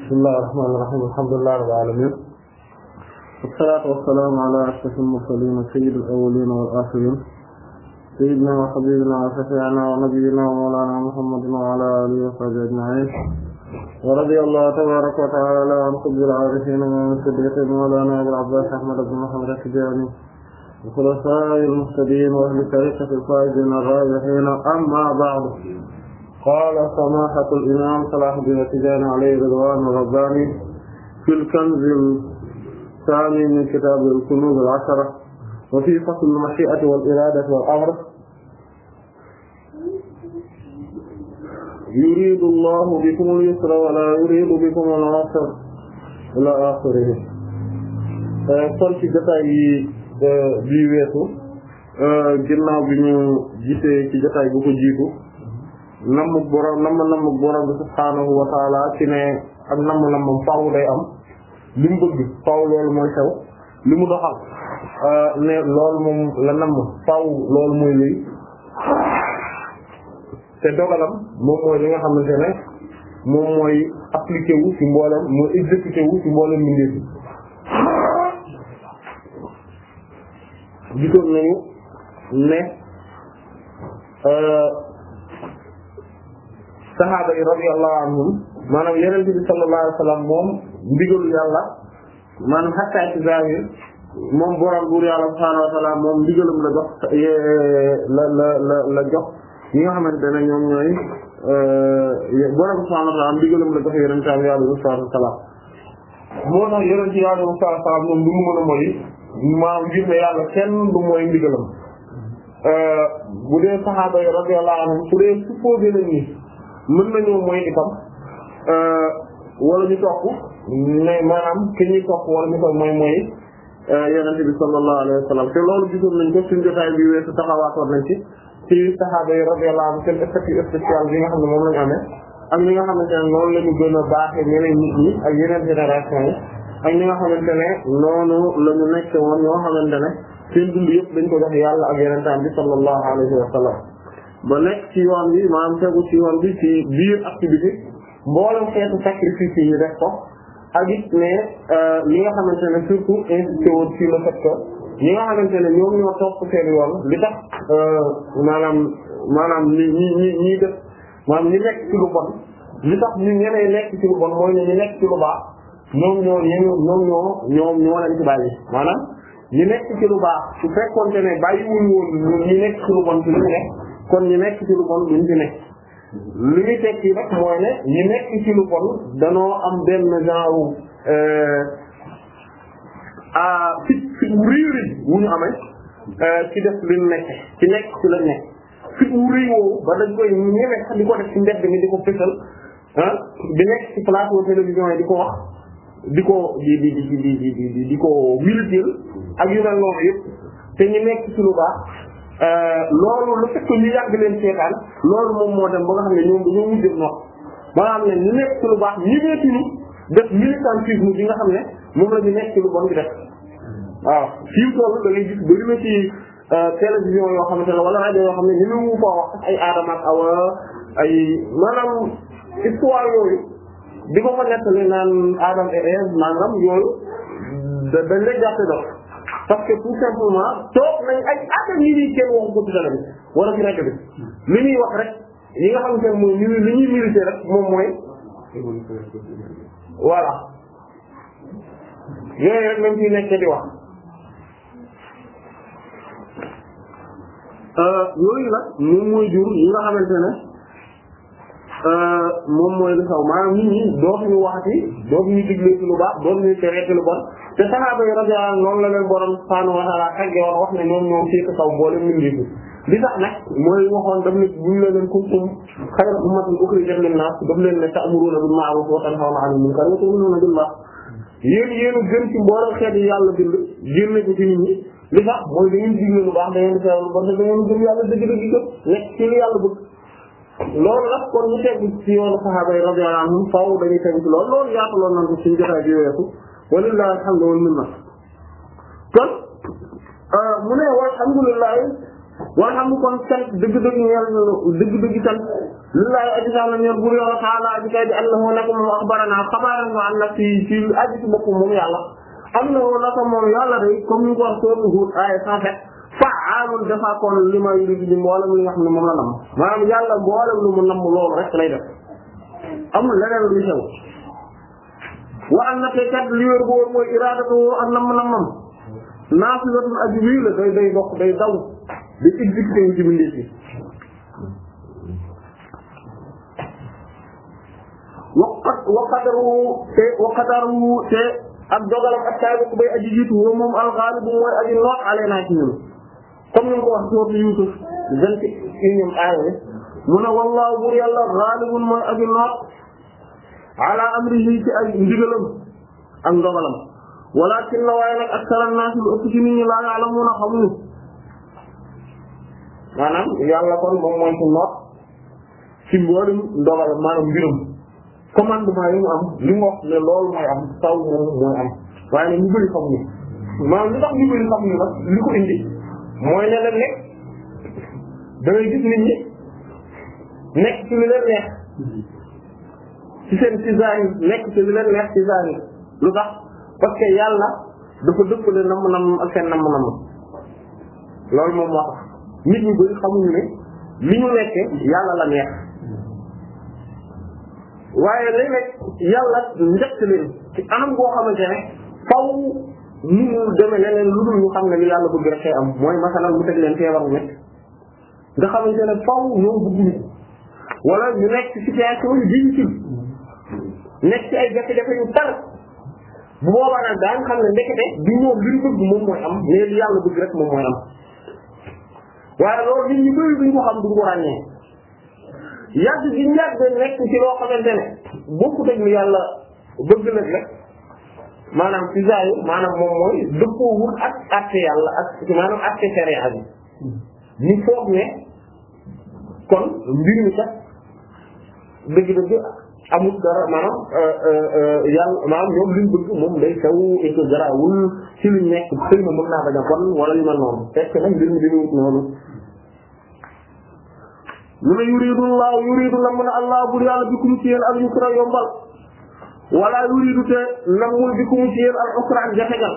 bismillahi rahmaani rahiim alhamdulillahi rabbil aalamiin wassalaatu wassalaamu ala ashrafil mursaliin sayyidil awwaliin wal aaxiriin sayyidinaa wa habiibinaa wa shafii'inaa wa nabiyyinaa wa mawlaanaa muhammadin wa ala aalihi wa sahbihi ajma'iin wa radiyallahu tabaaraka wa ta'aala an qutbil aarifiin wa an siddiqihi mawlaanaa abil abbaas ahmad ibn muhammad at-tijaani wa xulafaa'il muhtadiin wa ahli tariiqatihi al-faa'iziin ar-raabihiin amma ba'du qaala samaahatu al-imaam Salaahudiin at-Tijaani alayhi ridwaanu rabbaani fil kanz al-saani min kitaab al-kunuuz al-ashara wa fii fasl al-mashii'ati wal-iraadati wal-amr yuriidu Allaahu bikum al-yusra wa laa yuriidu bikum al-'usra ilaa aaxirihi kon ci jotaay yi eh, bii weesu eh, ginnaaw bi ñu gisee ci jotaay bu ko jiitu nammu borom namm nammu borom bi subhaanahu wa taala ci ne ak namm nammam faaw day am li mu bëgg faaw loolu mooy xew li mu doxal euh, ne loolu moom la namm faaw loolu mooy luy te dogalam moom xamante ne moom saxaaba yi radiyallahu anhum maanaam yonent bi sallallahu alayhi wa sallam moom ndigalu yàlla maanaam xataa ci zahir moom borom buur yàlla subhaanahu wa taala moom ndigalam la jox la la la la jox ñi nga xamante ne ñoom ñooy euh, borom subhaanahu wa taala ndigalam la jox yonent am yàlla subhaanahu wa taala moo tax yonent yàlla subhaanahu wa taala moom du mu mën a mooy maanaam ngir ne yàlla kenn du mooy ndigalam euh, bu dee saxaaba yi radiyallahu anhum su dee supposé nañ ni mën nañoo mooy itam euh, wala ñu topp ne maanaam ki ñuy topp wala ñu topp mooy mooy euh, yonent bi sallallahu alayhi wa sallam te loolu gisoon nañ ko suñu jotaay bi weesu taxawaatoon nañ ci ci saxaaba yi radiyallahu anhum seen statut spécial bi nga xam ne moom lañu amee ak ñi nga xamante ne noonu la ñu gën a baaxee ñeneen nit ñi ak yeneen génération yi ak ñi nga xamante ne noonu la ñu ñoo xamante ne seen dañ ko jox yàlla ak yeneen taam bi sallallahu alayhi wa ba nekk ci yoon bi maanaam tegu ci yoon bi ci biir activité mboolem xeetu sacrifice yi ñu def ko ak it ne li euh, nga xamante ne surtout insisté woon ci le fait que ñi nga xamante ne ñoom ñoo topp seen yoon li tax euh, maanaam maanaam ñi ñi ñi ñi def maanaam ñi nekk ci lu bon li tax ñu ñeneen nekk ci lu bon mooy ne ñu nekk ci lu baax ñoom ñoo ñoom ñoo ñoom ñoo lañ ci bàyyi maanaam ñi nekk ci lu baax su fekkoonte ne bàyyi wuñ woon ñi nekk ci lu bon ci lu nekk kon ñu nekk ci lu bon duñ fi nekk li ñu tekki rek mooy ne ñu nekk ci lu bon danoo am benn genre ah fi fi wu réeri wu ñu amee euh, def li nekk ci nekk ci la nekk fi wu réewoo ba dañ koy ñeme sax di ko def ci mbedd mi di ko fësal ah di nekk ci plateau télévision yi di ko wax di ko di di di di di di ko militer ak yu mel te ñu nekk ci lu Euh, loolu lu fekk ñu yàgg leen seetaan loolu moom moo dem ba nga xam ne ñoom dañoo mujj nox ba nga xam ne ñu nekk ci lu baax ñemeetuñu def militantisme bi nga xam ne moom la ñu nekk ci lu bon bi def waaw fii toll da ngay gis bari na ci euh, télévision yoo xamante ne wala rajo yoo xam ne ñu ne wu foo wax ay aadama ak awa ay maanaam histoire yooyu di ko fa nettali naan Adam et Ève maanaam yooyu dañ lay jàppe dox parce que tout simplement toog nañ ay at ak yi kenn waxu ko ci dara bi wala ci rajo bi li ñuy wax rek euh, yi nga xamante ne mooy li ñuy li ñuy militer rek wax. yooyu nag moom nga xamante ne. Euh, moom mooy li xaw maanaam nit ñi dootuñu waxati dootuñu digle ci lu baax dootuñu tere ci lu bon te saxaaba yi radiyallahu anhum noonu la leen borom subhaanahu wa ta'aala xagge woon wax ne ñoom ñoom fii ko kaw boole min ngibu li tax nag mooy waxoon daf ne buñ la leen kuntum xayra ummatin ukhrijat lin-naas daf leen ne ta'muruuna bil ma'ruuf wa tanhawna 'anil munkar wa tu'minuuna billah yéen yéen a gën ci mboolem xeet yi yàlla bind génne ko ci nit ñi li tax mooy ngeen lu baax da ngeen di tere lu bon da ngeen gëm yàlla dëgg-dëgg ko nekk loolu nag kon ñu tegu ci yoonu saxaaba yi radiyallahu anhum faaw dañuy tegu ci loolu loolu yaataloon nañ ko suñu jotaay bi weesu walillahi alhamdu euh, mu kon sant dëgg-dëgg ñeel dëgg-dëgg sant taala aji kay bi annahu naka moom axbarana xabaaran wa an nafsi ci aji ci boppam moom yàlla annahu naka moom yàlla day comme ñu ko wax sóotu Huud aaya cent fa'aalun dafa kon li ma yuridu mboolem li nga xam ne moom la nam maanaam yàlla mboolem lu mu nam loolu rek lay def amul leneen lu xew wa an nate kat li wér boobu mooy iradatu ak nam nam nafilatun aji wii la day day dox day daw day exécuté wu ci mbindeef yi waqat waqadaru te waqadaru te ak dogalam ak taay bay aji jiitu moom alxaalib mooy aji noot alee naa ci ñun comme ni nga ko wax sourate Yusuf vingt et mooy aji noot amrihi ci ay ndigalam ak ndogalam walakin la waaye nag aktara naas lu ëpp ci nit ñi laa ya'lamuuna xamuñu maanaam yàlla kon moom mooy ci noot ci mboolem ndogalam maanaam mbiram commandement yi mu am li mu wax ne loolu mooy am taw moom mooy am waaye nag ñu bëri xamuñu maanaam li tax mooy ne la nekk da ngay gis nit ñi nekk ci lu leen neex ci seen tisaan yi nekk ci lu leen neex tisaan yi lu tax parce que yàlla dafa dëppale namm namm ak seen namm namm loolu moom moo tax nit ñi bëri xamuñu ne li ñu nekkee yàlla la neex waaye léeg-léeg yàlla njëkk leen ci anam boo xamante ne faw ni mu demee leneen lu xam ne li yàlla bëgg rek tey am mooy masalan mu teg leen feebar bu métti nga xamante faw ñoom bëgguñu ko wala ñu nekk ci situation yu difficile nekk ci yu tar bu boobaa nag daañu xam ne ndekete du ñoom li ñu bëgg mooy am mais li yàlla bëgg rek moom mooy am waaye loolu nit ñu bëri duñ ko xam duñ ko ràññee yàgg gi yàgg nekk ci loo xamante ne bokkut ak li yàlla bëgg nag rek maanaam ci zaayu maanaam moom mooy dëppoowul ak àtte yàlla ak maanaam àtte sharia bi ñu foog ne kon mbir mi sax dëgg-dëgg amul dara maanaam euh, euh, euh, yàlla maanaam ñoom liñ bëgg moom day taw et que garaawul ci lu nekk xëy na mën naa bañ kon wala ñu mel noonu fekk mbir mi demewut noonu lu ne yuridu yuridu la allah bur yàlla bikum ci al yusra yombal wala yuridu te namul bi kum ci al usra ak jafegal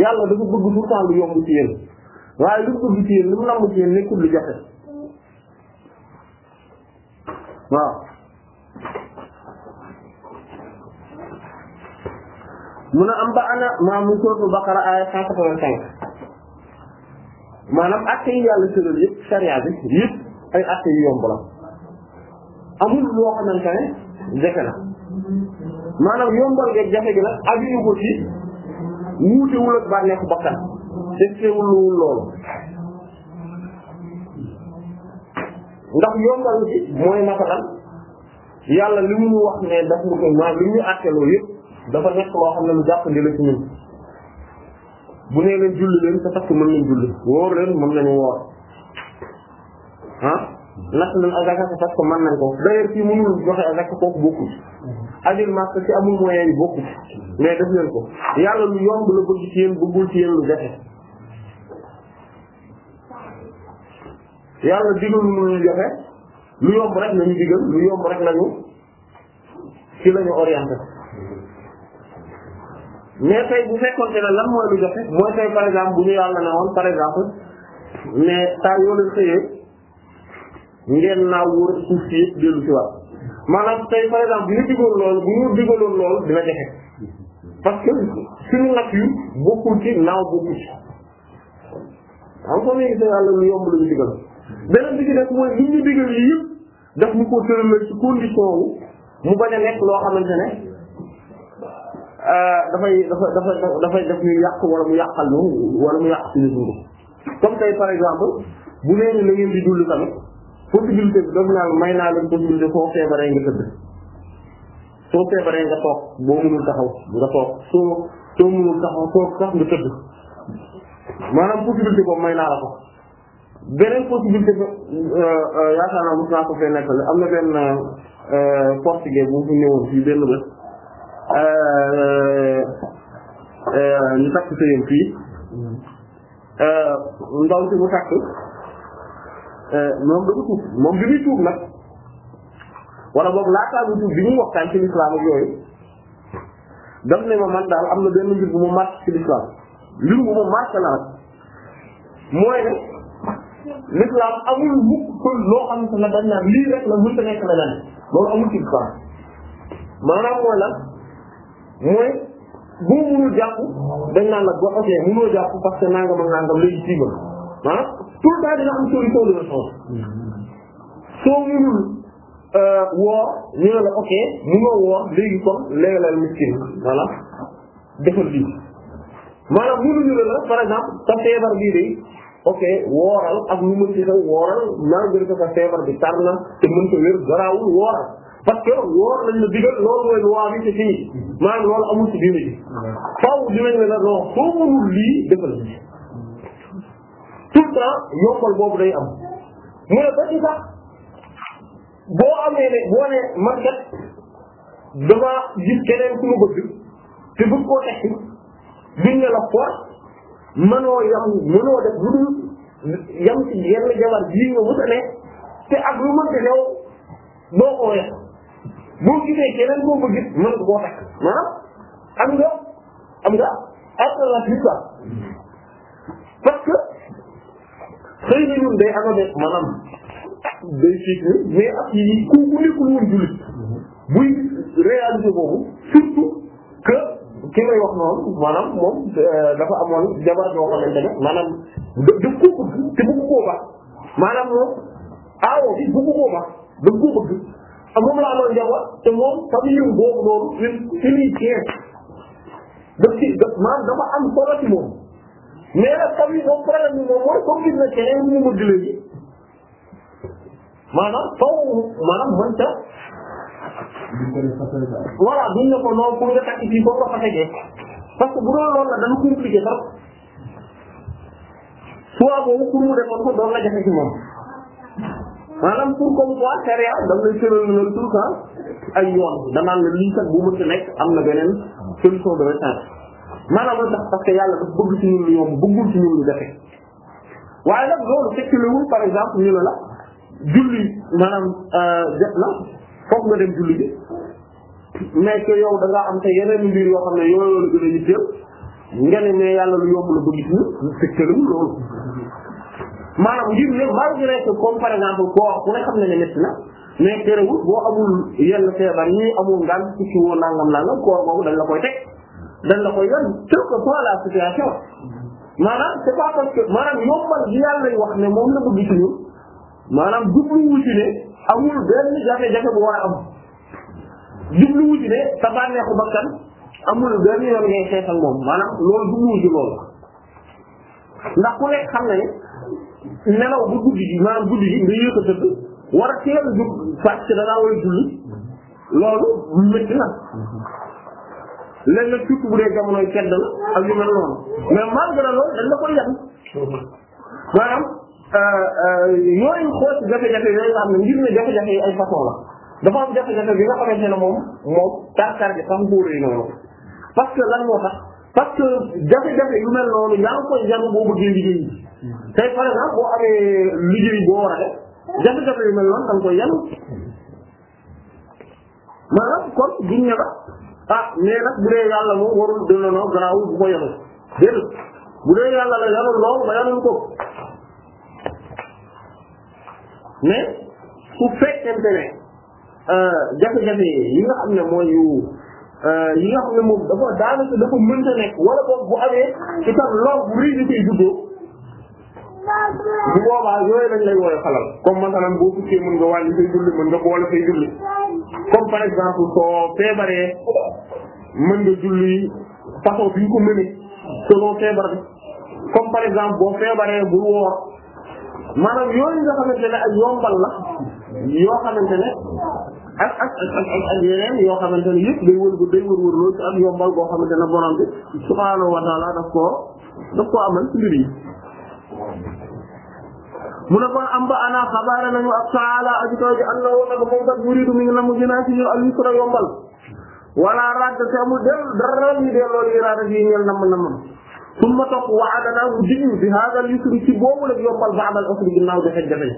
yàlla dafa bëgg tout le temps lu yomb ci yéen waaye lu bëgg ci yéen lu mu namm ci yéen jafe waaw mu ne am ba ana maa mu sóotu Baqara aaya cent quatre-vingt-cinq maanaam acte yi yàlla tëral yëpp charia bi ay acte yu yomb la amul loo xamante ne jafe na maanaam yombal geeg jafe gi nag ajuñu ko ci wuutewul ak bànneexu bakkan te teewulul loolu ndax yombal gi mooy masalan yàlla li mu wax ne daf ñu ko maanaam li loolu yëpp dafa nekk loo xam ne lu jàppandi la ci ñun bu nee leen julli leen te parce que mën nañ julli wóor leen mën nañu woor ah natt nañ azaka parce que mën nañ ko d'ailleurs fii mënul joxe azaka kooku bokkul ajul màkk ci amul moyen yi bokkul mais def leen ko yàlla lu yomb la bëgg ci yéen bëggul ci yéen lu jafe yàlla digal lu ñu joxe lu yomb rek nañu digal lu yomb rek lañu ci lañu orienté mais tey bu fekkoon ne lan mooy lu yàlla ne par exemple mais saa ngeen naa wóor suuf si yëpp dellu si waat maanaam tey par exemple bu ñu diggoon loolu bu ñu diggaloon loolu dina jafe parce que suñu nag yu bokkul ci naaw bokkul ci am ko léegi sa yàlla lu yomb la ñu digal beneen bi ci def mooy li ñu digal yi yëpp daf ñu ko tëralal ci condition wu mu bañ a nekk loo xamante ne euh, dafay dafa dafa dafay def ñu yàq wala mu yàqal ñu wala mu yàq suñu dund comme tey par exemple bu nee ni la ngeen di dund tamit possibilité bi dootu naan may naa leen possibilité soo feebaree nga tëdd soo feebaree nga toog boo mënul taxaw nga toog soo soo mënul taxaw soo sax nga tëdd maanaam possibilité boobu may naa la ko beneen possibilité bi euh, euh, yaakaar naa mos naa ko fee nekkal am na benn euh, portugais bu fi ñëwoon fii benn bés ñu takk sëyam fii ndaw si mu takk Euh, moom dafa tuub moom bi muy tuub nag wala boog laataa mu tuub bi mu waxtaan ci lislaam yooyu daf ne ma man daal am na benn mbir bu ma marqué ci lislaam mbir bu ma mooy naan la mooy lan mooy boo mënul jàpp dañ naan la boo xasee mënoo jàpp parce que nangam ak nangam léegi tiiba ah tout le temps dina am de rechange soo mënul euh, woor la ok mu nga woor léegi kon léeg-léeg miskin voilà defal lii maanaam mënuñu la la par exemple sa feebar bii de ok wooral ak lu mën ci xew wooral malgré que sa feebar bi tar na te mën ko wér garaawul wooral parce que woor lañ la digal loolu mooy loi bi c'est fini maanaam loolu amul ci diine ji faaw dinañ la non soo mënul lii defal tout le temps yombal boobu day am mu ne ba sax boo amee ne boo ne man kat dama gis keneen ku ma bëgg te bëgg koo tekki duñ la force mënoo yam mënoo def lu dul yam ci jabar bii nga mës a ne te ak lu mënti doo ko yàq boo gisee keneen boo bëgg mën koo takk maanaam am nga am nga alternative quoi parce que xëy na ñun day aname maanaam day fiig ni mais ak yi ku ku nekkul woon jullit buy réaliser boobu surtout que ki may noonu maanaam moom euh, dafa amoon jabar yoo xamante ne maanaam da daf ko bëgg te bëgg koo baax maanaam moom aawo bi bëgg koo baax daf ko bëgg moom la amoon jabar te moom famille boobu noonu une unité daf ci maanaam dafa am solo moom mais nag taw yi moom problème bi moom mooy comme gis na keneen ñu bëgg léegi maanaam taw maanaam mën ca. voilà duñ ne ko noonu pour nga takk fii foofu la fa tegee parce que bu doon loolu la dañu compliqué sax soit boobu pour mu defoon ko doon la jafe ci moom maanaam pour comme quoi sariya dam lay tëral na tout le temps ay yoon danaan la lii kat bu mënti nekk am na beneen solution de rechange maanaam lu tax parce yàlla dafa bëgg ci ñun lu yomb bëggul ci ñun lu jafe waaye nag loolu tekkiwul par exemple ñu ne la julli maanaam euh, jot na foog nga dem julli bi mais que yow da ngaa am te yeneen mbir yoo xam ne yooyu la gën a yitteel nga ne yàlla lu yomb la bëgg ci ñun tekkiwul loolu. maanaam ngir ne malgré que comme par exemple koo wax ku ne xam ne ne métti na mais terewul boo amul yenn feebar yi amul ngaan ci ci woo nangam nangam koor boobu dañ la koy dañ la koy yoon quelque soit la situation maanaam c'est pas parce que maanaam wax ne moom la bëgg ci ñun maanaam jubluwu ci ne amul benn jafe-jafe bu war a am jubluwu ci ne sa bànneexu bakkan amul benn yoon ngay xeex ak moom maanaam loolu jubluwu ci loolu ndax ku nekk xam na ne nelaw bu guddi gi maanaam guddi gi nga yéex a tëdd war a teel a jóg parce na léeg nag surtout bu dee jamonoy sedd la ak yu mel noonu mais malgré loolu dañ koy yàq maanaam euh, euh, yooyu xool jafe-jafe yooyu nga xam ne ngir jafe-jafe yi ay façon la nga xamante ne moom moom tartar bi sax mbóoréy noonu parce que lan moo tax parce que jafe-jafe yu mel noonu yaa ngi koy yàq boo bëggee liggéey tey par exemple boo amee liggéey boo war a def jafe-jafe yu mel noonu da nga koy yàq maanaam kon duñ la ah mais nag bu dee yàlla moom warul delloo garaawul bu ko yenu déedéet bu dee yàlla la yanul lool ba yanul ko mais su fekkente ne euh, jafe-jafe yi nga xam ne mooy yu euh, yi nga xam ne moom dafa daanaka dafa mënta nekk wala boog bu amee itam lool bu rëy koy juddoo bu boobaa yooyu lañ lay wooy xalal comme masalan boo tukkee mën nga wàññi say julli mën nga boole say julli comme par exemple soo feebaree mën nga julli façon bi ko mënee selon feebar bi comme par exemple boo feebaree bul woor maanaam yooyu nga xamante ne ak la yoo xamante ne ak ak yoo xamante ne yëpp day wër day wër wër loolu ci ak yombal boo xamante ne borom bi subhaanahu wa daf koo daf koo amal ci mbir mu ne kon am ba ana xabaare nañu ak taala aju taw ji ànd woon nag moom kat muriidu mi ngi na mu dinaa ci ñun al yusra yombal wala radd te amul del dara ñu delloo li raada yi ñeel nam nam summa toog waadana mu dig ñu bi haadal yusri ci boobu la yombal baadal usri ginnaaw joxe jafe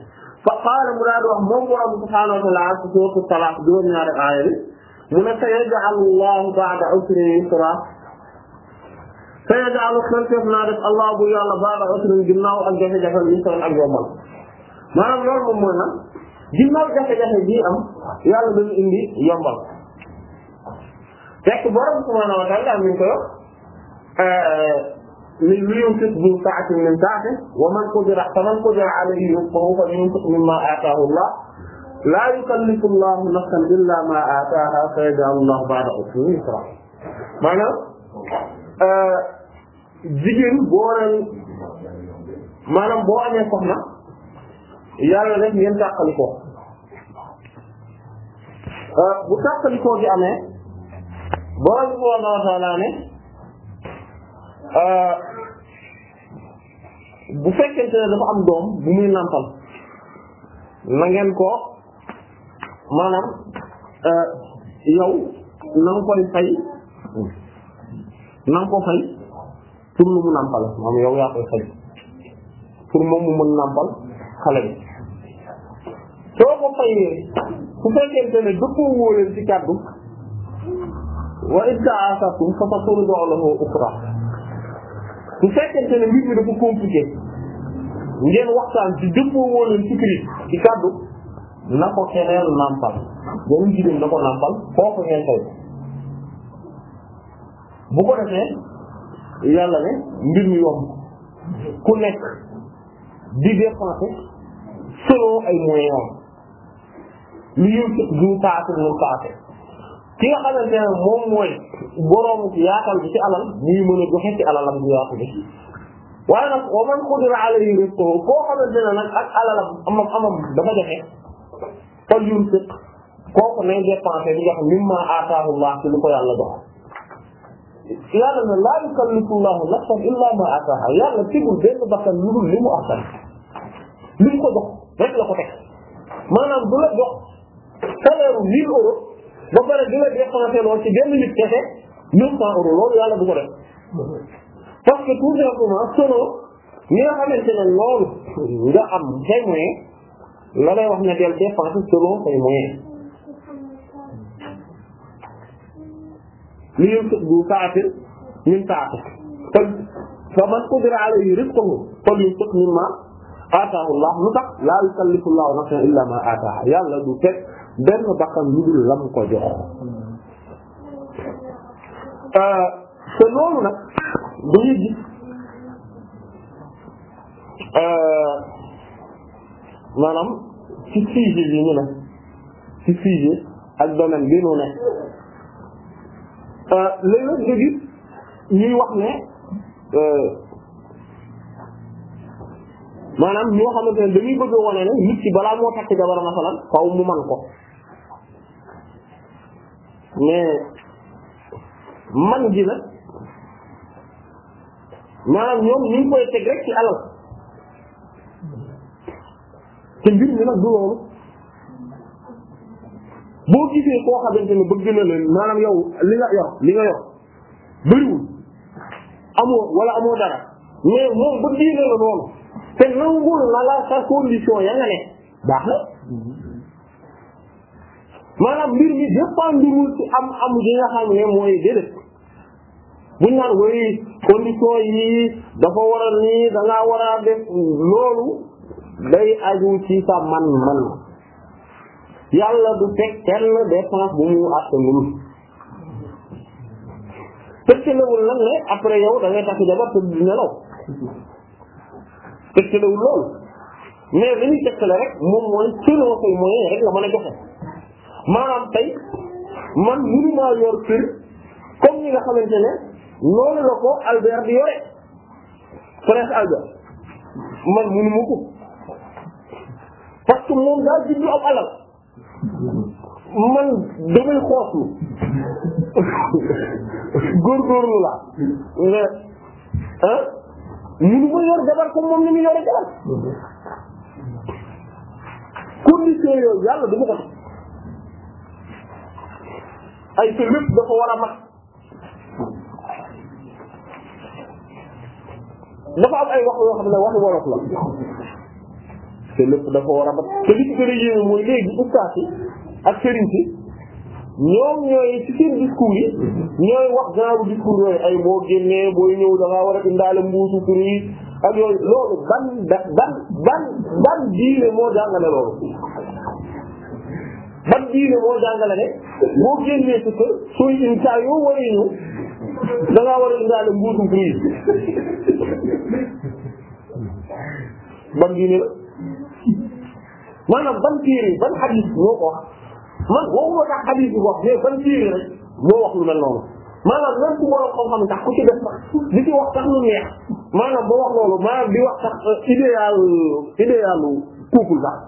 fa qaala mu daal di wax moom borom subhaanahu wa taala ci sourate Talaaq juróom-ñaari aaya bi mu ne sayaj'alu llaahu ba'da usri yusra Seydou Diallo xel naa def allah bu yàlla baala usrin ginnaaw ak jafe-jafe bi ñu ak yombal maanaam loolu moom mooy nag ginnaaw jafe-jafe bii am yàlla dañu indi yombal fekk borom subhaanahu wa ta'aala mi ngi koy wax li li yunfiq min sa'atin min sa'atihi wa man qudira faman qudira alayhi rizquhu falyunfiq mimmaa aataahu Allah laa yukallifu Allahu nafsan illaa maa aataahaa sayaj'alu Allahu ba'da usrin yusraa maanaam Euh, jigéen boo waree maanaam boo amee soxna yàlla def ngeen tàqalikoo euh, bu tàqalikoo gi amee borom subhaanahu wa ta'aala ne euh, bu fekkente ne dafa am doom bu muy nàmpal na ngeen ko maanaam yow na nga koy fay. na ko fay pour lu mu nàmpal maanaam yow yaa koy fay pour moom mu mën nàmpal xale bi soo ko fayee su fekkente ne dëppoo woo leen ci kàddu wa ista'asatum fa saturdu lahu ukhra su fekkente ne mbir mi dafa compliqué ngeen waxtaan ci dëppoo woo leen ci prix ci kàddu na ko keneen nàmpal beneen jigéen na ko nàmpal foofu ngeen fay bu ko defee yàlla ne mbir mi yomb nekk di dépenser selon ay moyens am lu yëw sëg duñ paase mun ki nga xamante ne moom mooy bi ci alal ci alalam bu yaatu bi waaye nag wa man qudira alayhi rizquhu koo xamante ne ak alalam amam amam dafa joxe fal yun sëq kooku nay dépenser li nga Allah ci lu ko yàlla jox yàlla ne laa yukallifu llaahu nafsan maa ataahaa yàlla tegul benn bakkan lu li mu attan li mu ko la ko teg maanaam du la jox salaire u 1000 euros ba pare di la dépensé lool ci benn nit kese 900 euros loolu yàlla du ko def parce que tout simplement selon ñi nga xamante ne loolu nga am say moyen la lay wax ne del dépensé selon say moyen li yunfiq sa'atin min sa'atihi faman qudira alayhi rizquhu falyunfiq mimma aataahu Allah lu tax laa yukallifu Allahu nafsan illa ma aataaha yàlla du teg benn bakkan lu dul lam ko jox. Euh, te loolu nag dañuy gis euh, maanaam ci sujet yi ñu ne ci sujet ak domaine bi ñu ne. léeg-léeg nga gis ñuy wax ne euh, maanaam ñoo xamante ne dañuy bëgg a wane ne nit ki balaa moo takk jabar masalan faaw mu man ko mais man gi nag maanaam ñoom ñu ngi koy teg rek ci alal te mbir mi nag du loolu boo gisee koo xamante ni bëgg na la maanaam yow li nga yor li bëriwul amoo wala amoo dara mais moom bëgg na la noonu te nangul na la sa condition ya nga ne baax na mbir mi dépendrewul ci am am gi nga xam ne mooy déedéet buñ naan woy condition yi dafa war nii dangaa war loolu day aju ci sa man man yàlla du teg kenn dépense bu mu àttanul tëkkalewul nag ne après yow da ngay takk jabar te du nelaw tëkkalewul loolu mais li ñuy tëkkale rek moom mooy selon say moyens rek nga mën a joxe maanaam tey man mënu maa yor kër comme ñi nga xamante ne noonu la ko Albert di yore Prince Albert man mënu ma ko parce que moom daal jublu am man damay xooslu góorgóorlu laa mais ah mënu ma yor jabar comme moom ni mu yore jabar condition yooyu yàlla du ma ko ay te lépp dafa war a mat dafa am ay wax yoo xam ne waxi wolof la te lépp dafa war a mat te li ci mooy léegi ustaas yi ak sëriñ si ñoom ñooy ci seen discours yi ñooy wax genre discours yooyu ay boo génnee booy ñëw da war a indaale mbuusu pour yi ak yooyu loolu ban ban ban ban diine moo jàngale loolu ban diine moo jàngale ne boo génnee ci kër suy incha yoo war a ñëw da war a indaale mbuusu pour yi ban diine la maanaam ban téere ban xadis moo ko wax man waxuma tax xadis bi wax mais ban téere rek moo wax lu mel noonu maanaam même ku borom xam-xam tax ku ci def sax li ci wax sax lu neex maanaam ba wax loolu maanaam di wax sax euh, idéal idéalu couple sax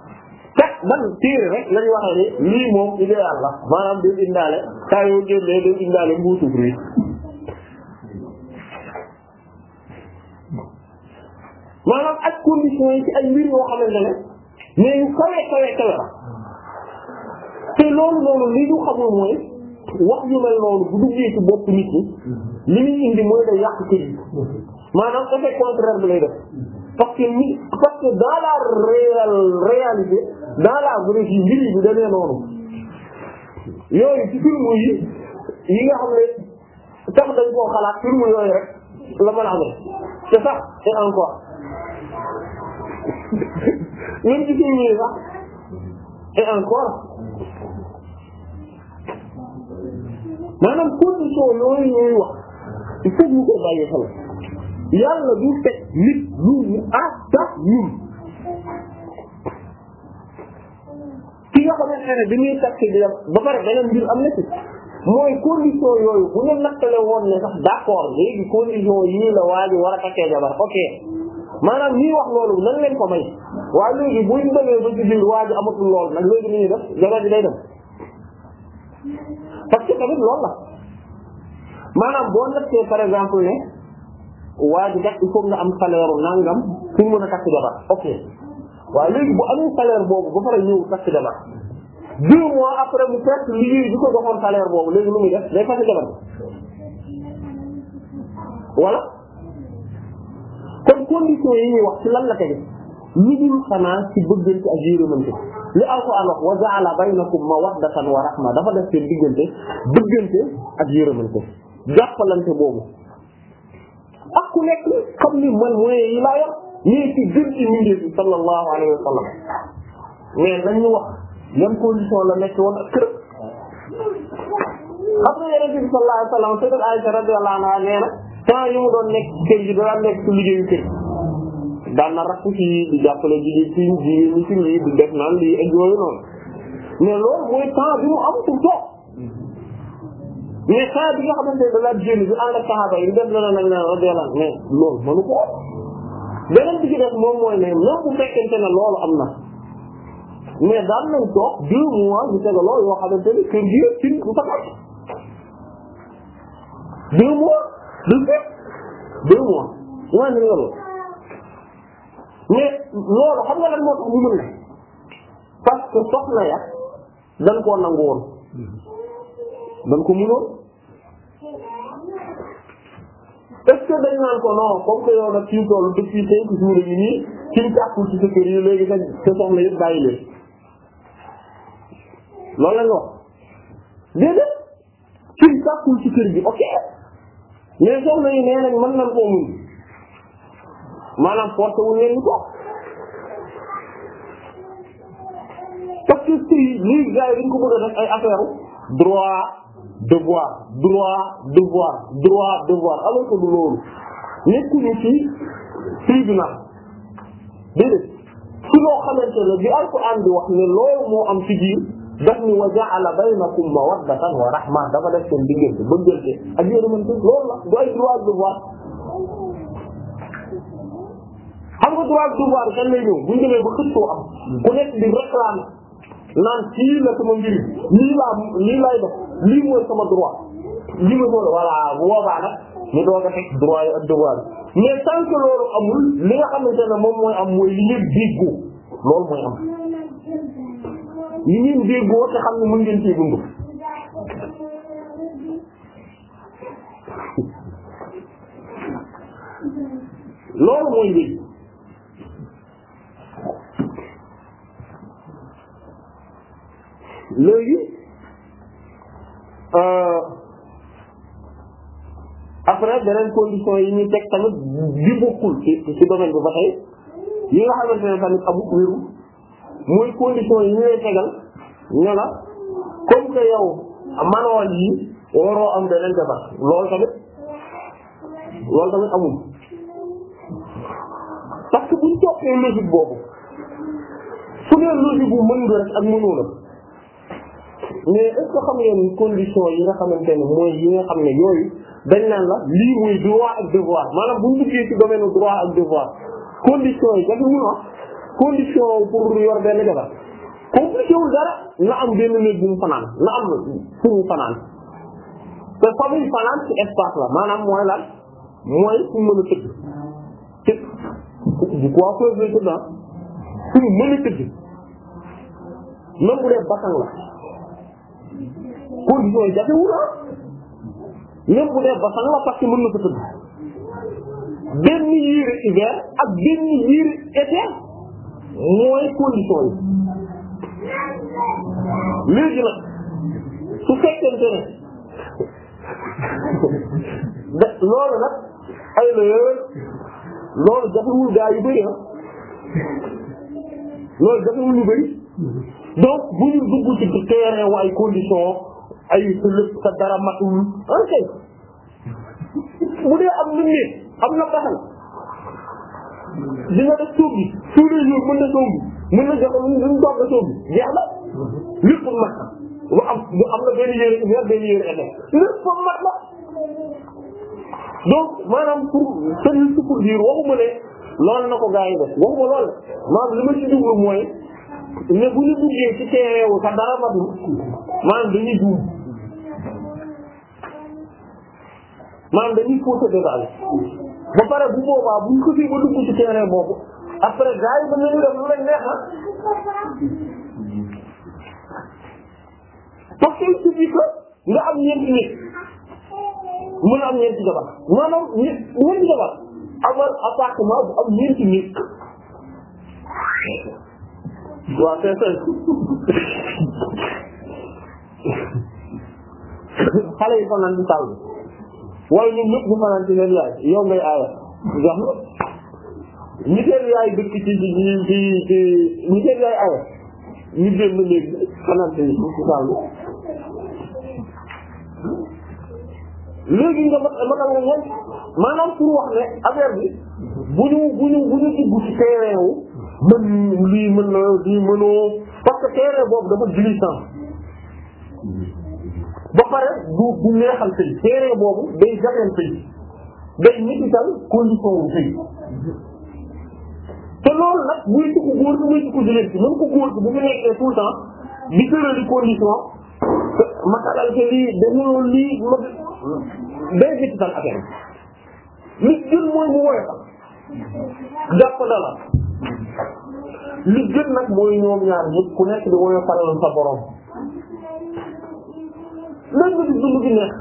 kat ban téere rek lañu waxee ni lii moom idéal la maanaam day indaale saa yoo génnee day indaale mbuusu fruit maanaam ak conditions ci ay mbir yoo xamante ne mais yu kawe kawe kawe la te loolu noonu li ñu xamul mooy wax yu mel noonu bu duggee ci bopp nit ñi li muy indi mooy day yàq kër yi maanaam effet contraire bi lay def parce que ni parce que dans la réal réalité dans la vraie vie mbir yi du demee noonu yooyu film yi yi nga xam la mën a amee te sax et même jigéen ñi sax et encore maanaam condition yooyu ñuy wax il faut ñu ko bàyyi xel yàlla du teg nit lu mu àtta ñun ki nga xamante ne bi ñuy takk di dem ba pare beneen am na ci mooy condition yooyu bu ñu nattale woon ne sax d'accord léegi condition yii la waa ji war a jabar ok maanaam ñii wax loolu nan leen ko may waaye léegi bu ñu ba ci biir waa ji amatul lool nag léegi ni ñuy def jabar ji day dem parce que tamit loolu la maanaam boo nekkee par exemple ne waa ji kat il nga am salaire u nangam pour mën a takk jabar ok waaye léegi bu amul salaire boobu ba pare ñëw takk jabar deux mois après mu perte liggéey bi ko joxoon salaire boobu léegi lu muy def day takk jabar wala conditions yi ñuy wax ci lan la tege ñu xanaa ci bëggante ak yërëmante li alquran wax wa ja'ala baynakum mawaddatan wa rahma dafa def seen diggante bëggante ak yërëmante jàppalante boobu ak ku nekk comme ni man moyens yi laa yor ñii ci gën ci mbindeef bi sallallahu alayhi wa sallam mais nañu wax yan condition la nekk woon ak kër xam nga yeneen bi mu doon nekk kër gi daan nekk liggéeyu kër daan na rakk fii di jàppale di def naan lii ak yooyu noonu mais mooy temps bi mu am pour ne da laa génn bi ànd ak saxaaba yi def leneen ak ko woon. beneen bi ci def ne même bu fekkente ne am na mais daan nañ toog deux mois ñu teg loolu yoo xamante ne kër gi yëpp ci bu fa tàkk deux mois du fekk mais loolu xam nga lan moo tax ñu mën ne parce que ya dañ koo nangu woon dañ ko mënoon est que dañ naan ko non comme que yow nag ci toll depuis cinq jours yi nii ci jàppul ci sa kër yi léegi sa soxna yëpp bàyyi leen loolu la ñu wax déedéet ci jàppul ci kër gi ok mais soxna yi nee nañ mën koo mun maanaam forcé wuñ leen ñu toog parce que si lii gars yi dañ ko bëgg a def ay affaire droit devoir droit devoir droit devoir alors que du loolu nekkuñu ci tribunal déedéet su loo xamante ne bi wax ne loolu moo am ci biir daf ni wa ja'ala baynakum mawaddatan wa rahma dafa def seen diggante bëggante ak loolu la du ay droit devoir xam nga droit de devoir kan lay ñëw bu ñu demee ba xëccoo am ku nekk di réclamer naan kii la sama mbir lii laa lii laay def lii mooy sama droit lii mooy sama voilà bu boobaa nag a teg droit yi ak devoir mais tant que amul li nga xamante ne moom mooy am mooy li ngeen déggoo loolu mooy am li ngeen déggoo te xam ne mën ngeen cee dund. mooy léegi léegi euh, après beneen condition yi ñuy teg tamit bi bokkul ci ci bi ba tey yi nga xamante ne tamit amut wéru mooy condition yi ñu lay tegal comme que yow manoo yi waroo am beneen jabar loolu tamit loolu tamit amul parce que buñ toppee logique boobu su dee logique bu mën ak mënoo mais est xam ngeen condition yi nga xamante ne mooy yi nga xam ne yooyu dañ naan la lii mooy droit ak devoir maanaam bu ñu duggee ci domaine droit ak devoir condition yi dafa ñu wax condition pour yor benn jabar compliqué wul dara na am benn néeg bu mu fanaan na am fu mu fanaan te fa fanaan ci espace la maanaam mooy lan mooy fu mu mën a tëdd tëdd du coiffeuse la tëdd ah fu a tëdd même bu dee basang la conditions yi jafewul ah même bu dee basan la parce que mën na ko tëdd benn yére hiver ak benn yére été mooy condition yi léegi nag su fekkente ne da loolu nag ay la loolu jafewul gaa yu bëri ah loolu jafewul ñu bëri donc bu ñu dugg ci terrain waaye condition ay sa dara matul ok bu dee am lu ne am na baxal dina def suuf bi tous les jours mën na suuf bi mën na joxe lu ñu doog a suuf bi jeex na lépp mat na lu am lu am na benn yére weer benn mat na donc maanaam pour sëriñ pour dire waxuma ne loolu na ko gaa yi waxuma loolu maanaam li ma ci déglu mooy ne bu ñu duggee ci teereewu sa dara matul maanaam dañuy juum maanaam dañuy fausser débat bi ba pare bu boobaa bu ñu ko fii ba dugg ci terrain boobu après gars yi mën nañu def lu leen neex ah parce que il suffit que nga am ñeenti nit mën a am ñeenti jabar maanaam ñeenti jabar amal appartement bu am ñeenti nit waaw c'est ça xale yi fan la ñu waaye ñoom ñëpp ñu fanaan ci seen yaay yow ngay aaya jax ñi seen yaay dëkk ci ci ci ci ñi seen yaay aaya ñu génn léegi fanaan ci ci saal bi léegi nga mat matal nga ñoom maanaam pour wax ne affaire bi bu ñu bu ñu bu ñu dugg ci terrain wu mën lii mën na lii mënoo parce que terrain boobu dafa glissant ba pare du du neexal boobu day jafeel sëy day nitital condition wu sëy te nag muy ci ko góor bi muy ci ko jigéen bi même ko góor bi bu fi nekkee tout le temps di tëral condition masalal te lii dañoo lii ma li gën mooy mu woy sax jàpp dala li gën nag mooy ñoom ñaar ñëpp ku nekk di woyo faral sa borom lan nga gis dund gi neex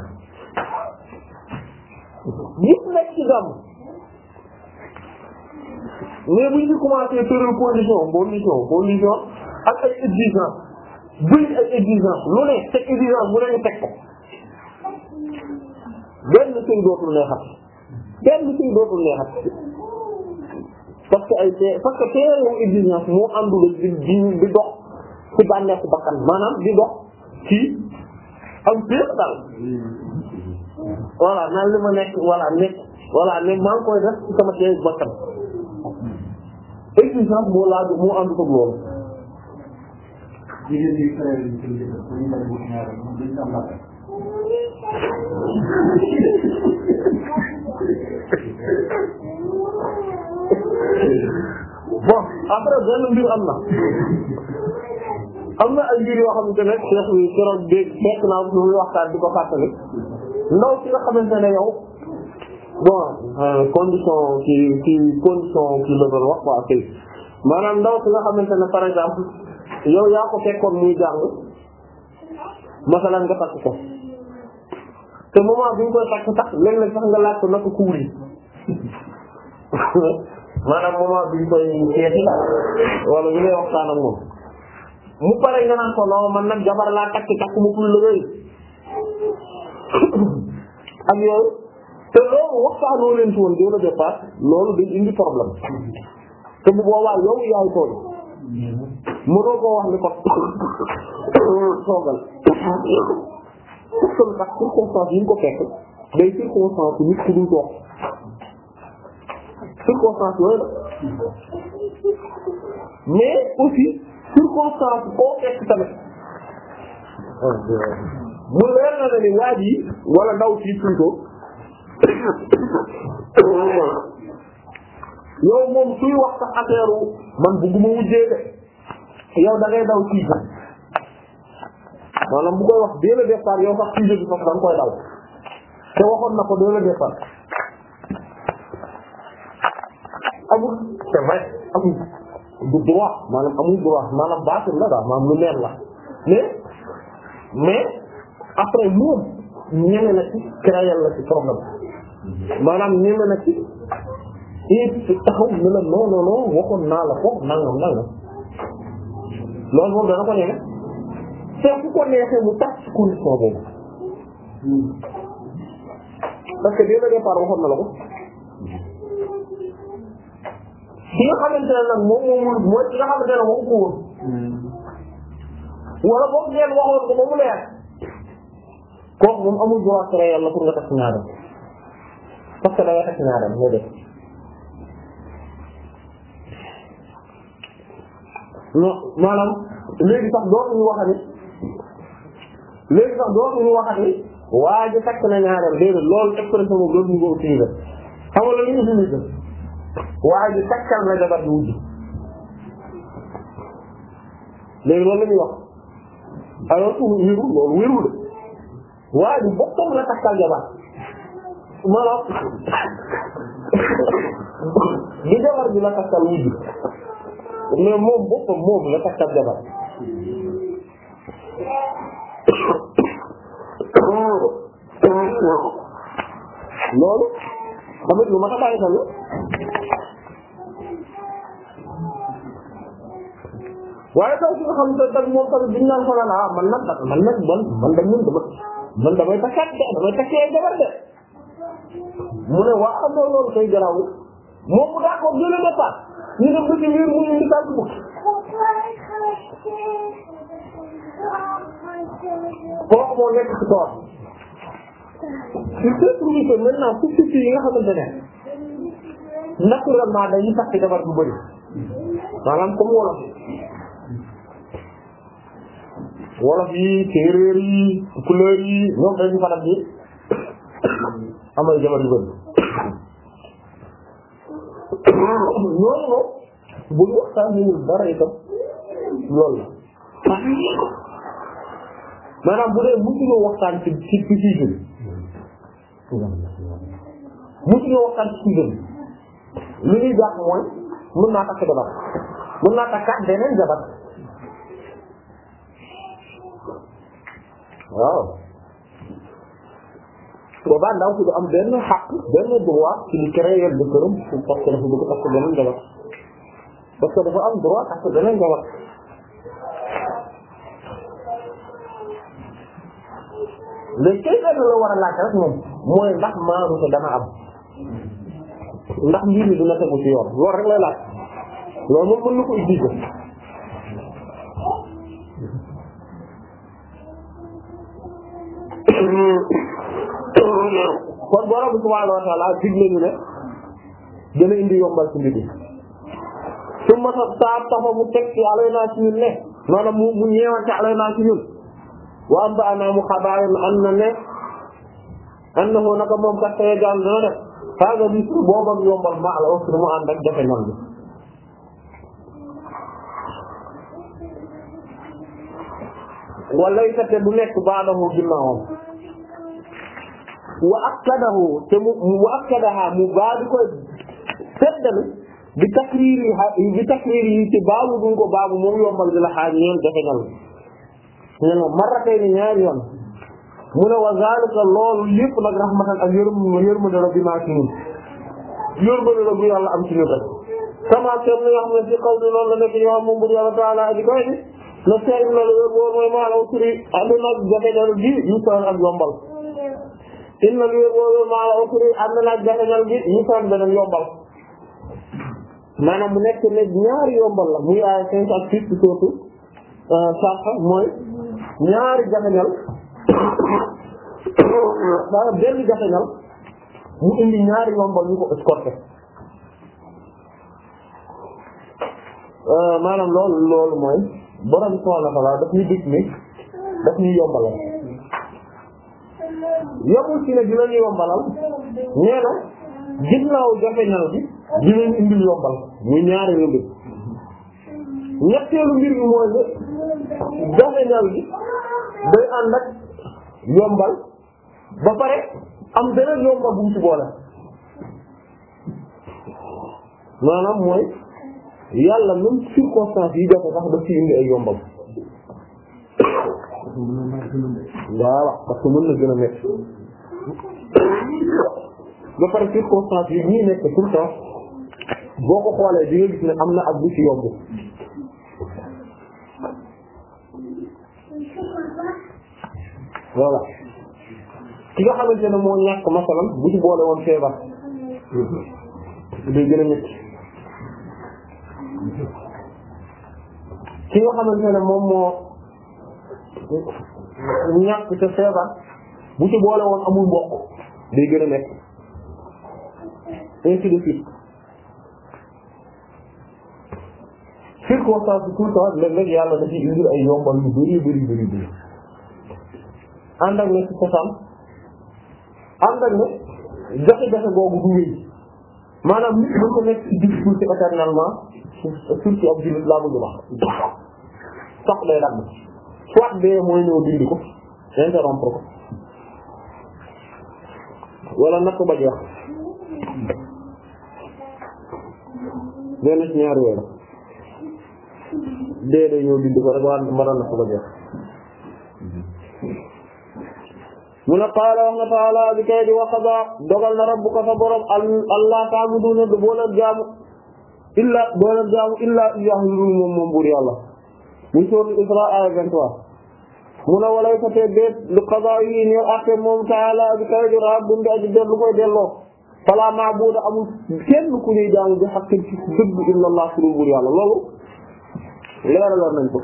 gis nekk ci jàmm mais bu ñu commencé tëral condition condition condition ak ay exigence buñ ay exigence lu ne te exigence bu ne ñu teg ko benn sëy dootul neexat benn sëy dootul neexat parce que ay tee parce que teewu exigence moo àndul di di dox ci bànneexu bakkan maanaam di dox ci am fépp daal voilà naan li ma nekk voilà nekk voilà ne maa ngi koy def ci sama teew bakkan exigence moo laaj moo ànd ko loolu. jigéen ñi frère yi ñu ngi koy am laaj. bon après benn mbir am na. am na ay mbir yoo xamante ne cheikh bi keroog bi fekk naa lu muy waxtaan di ko fàttali ndaw si nga xamante ne yow bon euh, ki ci ci condition ci la doon wax quoi kay maanaam ndaw si nga xamante ne par exemple yow yaa ko fekkoon muy jàng masalan nga takk ko te moment bi nga koy takk sax léeg-léeg ko naka kuur yi maanaam moment bi nga koy seeti wala bi ngay waxtaan ak mu pare nga naan ko non man nag jabar laa takk takk mu pul te loolu waxtaanoo leen ci woon dès le départ loolu day indi te bu boobaa yow yaay tooñ mënoo koo wax ni ko soogal parce que nag circonstance yi ñu ko fekk day circonstance nit circonstance koo fekk tamit mu leer na la ni waaj wala ndaw si plutôt yow moom suy wax sax affaire man bugguma wujjee de yow da ngay daw tiit maanaam bu koy wax dès le yow sax sujet bi sax da koy daw te waxoon na ko dès le départ amul c'est vrai amul du droit maanaam amul droit maanaam baatil la daal maanaam lu neen la mais mais après moom ñeme na ci créer la ci problème maanaam ñeme na ci ci taxaw ne la non non non waxoon naa la ko nangam nangam loolu moom dana ko ñeme te ku ko neexee mu tas ci condition boobu parce que dès le départ waxoon na la ko bi nga xamante ne nag moom moom mooy ki nga xamante ne moom ko wóor wala boog ngeen waxoon ko ba mu leer kooku moom amul droit créé yàlla pour nga takk ñaareel parce que da nga takk ñaareel moo def non maanaam léegi sax dootuñu waxati léegi sax dootuñu waxati waa ji takk na ñaareel déedéet loolu expression boobu dootuñu ko utiliser xam nga lu ñu utiliser waaye ñu takkal na jabar bi wujj léegi loolu la ñuy wax alors que wérul loolu wérul la waaye ñu boppam la takkal jabar maanaam di jabar bi la takkal wujj mais moom boppam moom la takkal jabar loolu tamit lu ma a bàyyi xel la waaye taw bi nga xam te ne ko la ah man nag man nag man man dañu dama man damay takkaat de damay takkee jabar de mu ne waa xam nga loolu kay garaw moom mu daa ko gën a départ ñu dem ba ci biir mu indi tànk bu kooku moo nekk ci tool il se trouve que maintenant suuf si yi nga xamante ne naturellement dañuy takk jabar bu bëri maanaam comme wolof wolof yi séeréer yi couleur yi ñoom dañu faral di amal jabar yu bëri ñooñu moom bu ñu waxtaanee dara itam loolu la maanaam bu dee musuñoo waxtaan ci ci ci sujet bi musuñoo waxtaan ci sujet bi li ñuy jàpp mooy mën naa takk jabar mën naa takkaat beneen jabar waaw baa ndaw si du am benn xaq benn droit ci di créer de këram parce que dafa bëgg takk beneen jabar parce que dafa am droit takk beneen jabar léegi kay benn war laaj rek moom mooy ndax maaru te dama am ndax mbir mi dina tegu ci yoon loolu rek lay laaj loolu moom mën na ko exiger kon borom subhaanahu wa ta'ala dig nañu ne dana indi yombal ci mbir mi su ma sa saa tafa mu teg ci alaynaa ci ñun ne noonu mu mu ñeewante alaynaa ci ñun wa am ba anaa mu xabaar am ne am na moom kat tey daal dana def xaaral bi su yombal maa la wax mu ànd ak jafe ñoom bi. wala te du nekk baanamu ginnaawam. wa akkadahu te mu wa akkadaha mu baa di koy bi takriir yi bi takriir ci baabu duñ ko baabu moom yombal bi la xaaj ñeen defegal ne no ni ñaari yoon a ne wa zalika loolu lépp nag rahmatan ak yërm yërmande la bi maa ci ñun yërmande bu yàlla am ci ñu rek sama kem ni nga xam ne ci la nekk ñoo xam moom bu yàlla taala di koy bi na seer na la wér wóor mooy maanaam turi ànd nag jafe yu soor ak yombal inna li wóolu maa la usri ànd naag jafeñal gi ñu soon beneen yombal maanaam mu nekk ne ñaari yombal la muy aaya cinq ak six ci sootu euh, sarxa mooy ñaari jafeñal maanaam benn mu indi ñaari yombal ñu ko escorté euh, maanaam loolu loolu mooy borom subhanahu wa ta'ala daf ñu dig ni daf ñuy yombal yamul ci ne dinañu yombalal nee na ginnaaw jafeñal bi dinañu indil yombal muy ñaari lu mbir ñetteelu mbir bi mooy ne jafeñal bi day ànd ak yombal ba pare am beneen yombal bu ci boole maanaam mooy yàlla même circonstance yi jafe sax daf ci indi ay yombal voilà parce que mën na gën a métti ba pare circonstances yi ñuy nekk tout le temps ko xoolee di nga gis am na ak bu ci yomb voilà ki nga xamante ne moo ñàkk masalan bu ci boole woon feebar day gën a métti ki nga xamante moom moo ñàkk te feebar bu ci boole woon amul mbokk day gën a nekk ainsi de suite circonstance bi tout le temps léeg-léeg yàlla da ciy indil ay yombal yu bari bari bari bari ànd ak ci cosaan ànd ak jafe-jafe googu du wéy maanaam nit mën ko nekk ci difficulté éternellement surtout ab jullit laa bëgg wax sax lay dagg soit dee mooy ñëw dindi ko interrompre ko wala natt ba jeex benn ci ñaari dee day ñëw dindi ko rek waa ba jeex mu ne qaala wax na taala bi di wa dogal na rabbuka sa borom allah ta'budu du boo leen jaamu illa boo jaamu illa iyyahu moom moom buur yàlla muy sóoru Isra ay 23 mu ne walay ko tee déet li xadaa yi ñëw àtte moom taala bi kawe bi rabbum bi aji dellu koy delloo fala maabuda amul kenn ku ñuy jaamu bi xaqin ci dëgg illa allah su dul buur yàlla loolu leeraloon nañ ko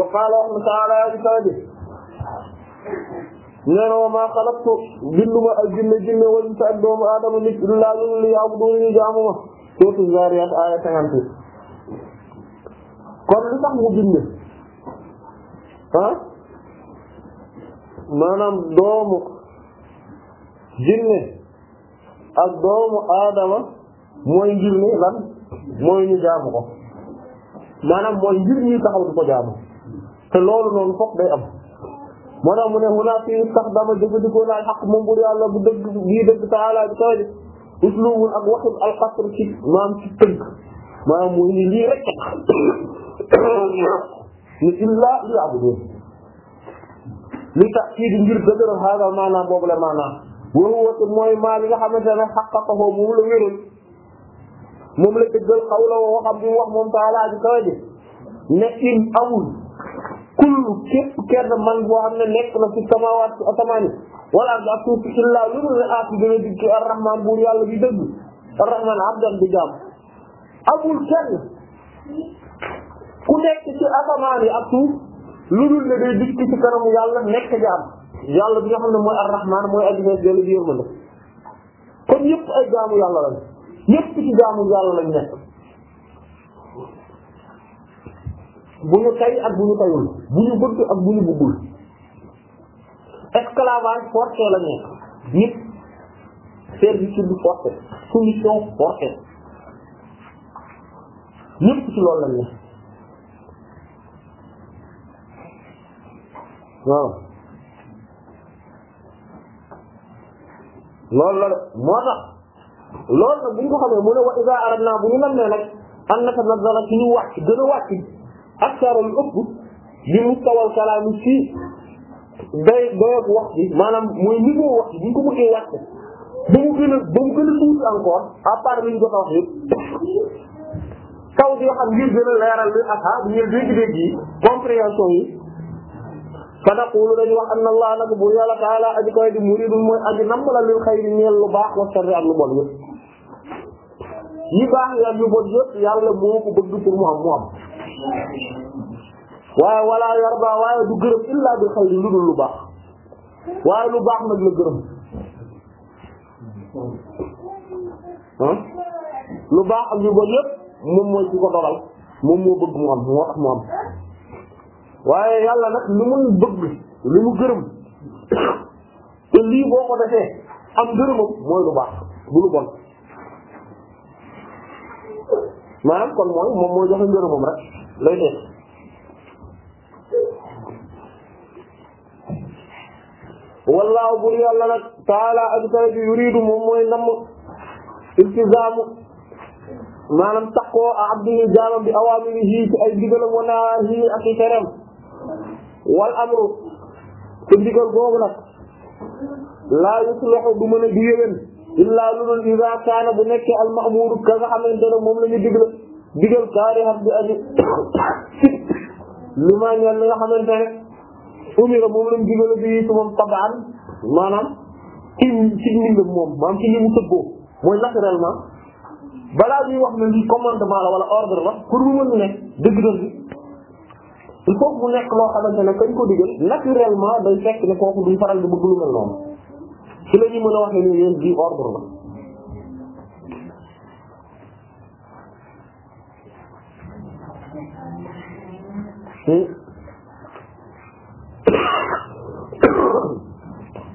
wa qaala wax taala bi kawe bi nee na wa maa xalaqtu binduma ak jinne jinne wal insa ak doomu aadama nit illaa lu yaabuduun ñu jaamu ma sootu zaariyaat aaya 58 kon li tax mu bind ah maanaam doomu jinne ak doomu aadama mooy ngir lan mooy ñu jaamu ko maanaam mooy ngir ñuy taxaw di ko jaamu te loolu noonu fokk day am moo tax mu ne mu naa fii tax dama jëfandikoo naa xaq moom bu yàlla bu dëgg bii dëgg taala bi kawaji uslubul ak waxin alxasr ci maam ci tëgg maanaam muy ni lii rek ni illaa liya'budun li tax kii di ngir dëgëral xaaral maanaam boobu la maanaam te mooy maa li nga xamante ne xaqaqahu moom la wérul moom la dëggal xaw la woo xam mu wax moom taalaa ji kawe ne in amul kullu képp kenn man boo ne nekk na fi samawaat ci asamaani wala bi ak suuf illaa ne aati dina dikki arrahman buur yàlla bi dëgg arrahman abdan bi jaam amul kenn ku nekk ci asamaan yi ak suuf lu dul ne day dikk ci kanamu yàlla nekk jaam yàlla bi nga xam ne mooy ar-rahmaan mooy aji-fees yàlla di yërmande kon yëpp ay jaamu yàlla lañ yëpp ci jaamu yàlla lañ nekk bu ñu tay ak bu ñu tayul bu ñu bëgg ak bu ñu bëggul esclavage forcé la ñu ñëpp servitude forcée soumission forcée ñëpp ci loolu lañ waaw loolu la de moo tax loolu nag bu ñu ko xamee mu ne wa iza aradna bu ñu nam nee nag an natanazzala ci ñu wàcc gën a wàcc aktara lu ëpp li mu tawal kalaam ci day wax bi maanaam mooy niveau wax bi bu ñu ko bëggee wàcc ba mu gën a ba mu gën a tuuti encore à part ñu jot a wax yëpp kaw di wax ngir gën a leeral li asxaab ngir dégg-dégg yi compréhension yi fa naqulu dañu wax anna allah nag bu yàlla taala aji koy di muridun mooy aji la lil xayri ñeel lu baax wa sharri ak lu bon yëpp yi baax yi ak mu am mu am waaye wala yarda waaye du illa bil xayri lu dul lu baax waaye lu baax nag mu am mu am waaye yàlla nag lu mu bëgg lu mu gërëm te lii boo ko defee am gërëmam mooy lu baax bu lu bon maanaam kon mooy moom mooy joxe ngërëmam rek lay def wallaahu bur yàlla nag taala ak tara bi yuridu moom mooy namm iltizaamu maanaam taqoo a abdihi jaamam bi awaamirihi ci ay digalam wa nahyihi ak i tereem wal amru te ndigal boobu nag laa yuslahu du mën a di yéwén lu dul iza kaana bu nekkee al ma'muru ka nga ne moom la ñu digal digal bi aji li ma ñeel li xamante ne umira moom lañ digal bi su tabaan maanaam ci ci ndingam mu tëggoo mooy naturellement wax ne lii commandement wala ordre la pour mu ne dëgg il faut mu nekk loo xamante ne kañ ko digal naturellement day fekk ne kooku duñ faral di bëgg lu noonu ci la ñu mën a waxee ni yéen di ordre la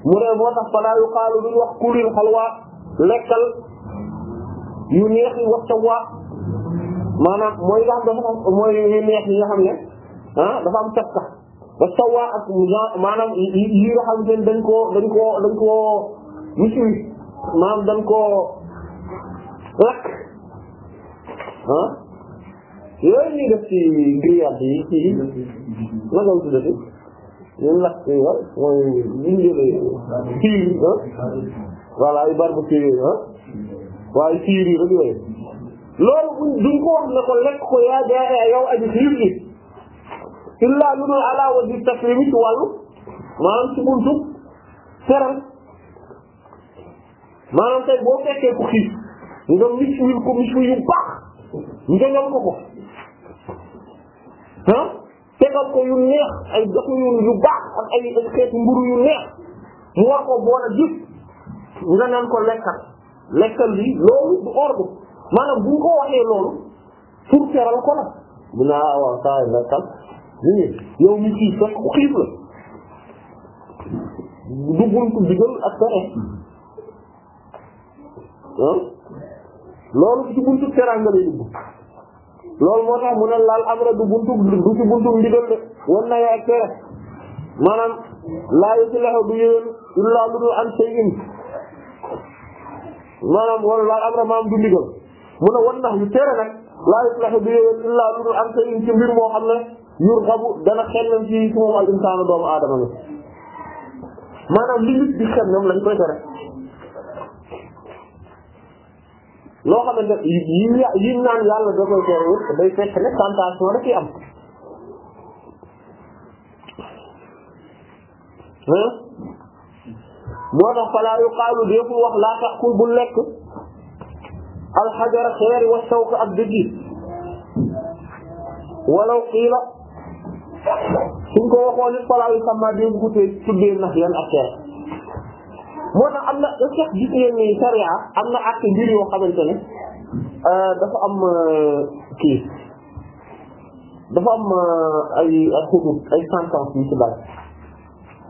mu ne moo yu xaalu duñ wax kulil xalwa lekkal yu neex yi wax ca waa maanaam mooy nga xam ne mooy yu neex yi ne ah dafa am càq ba sawwaa ak maanaam yi nga xam ne dañ koo dañ koo dañ koo misu maanaam dañ koo lakk ah yooyu ñuy def ci grillade yi ci naka la tuddati ñun lakk wal mooy liñ jëlee fiir ah voilà ay barbecue ah waaye fiir yi rek yooyu loolu duñ ko wax ne ko lekk ko yaa jaay yow aji fiir bi illaa lu dul ala wajhi takrimi ci wàllu maanaam ci buntu teral maanaam tey boo fekkee ku xiif nga mis wil ko mis yu baax nga ko ko ah tegal ko yu neex ay doxalin yu baax ay ay mburu yu neex mu war ko boole gis nga naan ko lekkal lekkal bi loolu du ordre maanaam bu ko waxee loolu pour teral ko la. dinaa ah, waaw saa yu lekkal léegi yow mi ci sax ku xiif la du buntu digal ak tere ah loolu ci buntu teraanga lay dugg loolu moo tax mu ne laal amra du buntu du ci buntu ndigal de wan na yaa tere maanaam laa yu ci lexu du yéen illaa lu dul an shay'in maanaam wala laal amra maam du ndigal mu ne wan nax yu tere nag laa yu ci lexu du yéen illaa lu dul an shay'in ci mbir moo xam ne yurghabu dana xellam ci ci moom al insaanu doomu aadama bi maanaam li nit di xem ñoom lañ koy tere loo xamante ne yi yi naan yàlla da koy tere yëpp day fekk ne tentation da ciy am moo tax falaa yuqaalu déefu wax laa taxkul bu lekk alxajara xeer wa sawk ak dëgg walaw xiila suñ ko waxoon it falaayu sama dégg ku tey tuddee nax yan ak xeer moo tax am na sax gis ni sariya am na acte mbir yoo xamante ne euh, dafa am euh, kii dafa am euh, ay ay xudud ay sentence yu ci bari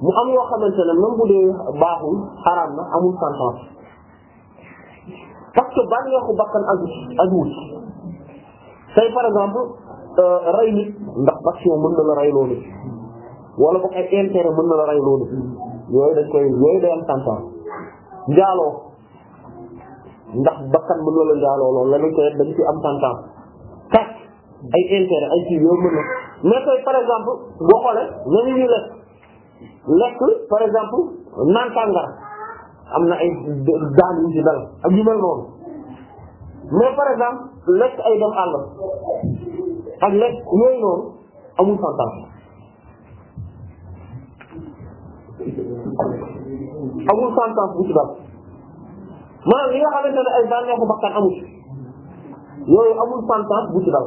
mu am yoo xamante ne même baaxul xaraam na amul sentence parce que bànneexu bakkan aju aju wut tey par exemple Euh, rey nit ndax passion mën na la rey loolu wala boog ay la rey loolu yooyu dañ koy yooyu day am santan njaaloo ndax bakkan mën na la njaaloo loolu la lañ koy dañ ci am santan kat ay intérêt yooyu mën na mais tey par exemple boo xoolee ñooñu ñu lekk lekk par exemple naan sàngara am na ay daan yu ci dal ak yu mel noonu mais par exemple lekk ay dem àll ak nag yooyu noonu amul sentence amul sentence bu ci dal maanaam li nga xamante ay bànneexu bakkan amul yooyu amul sentence bu ci dal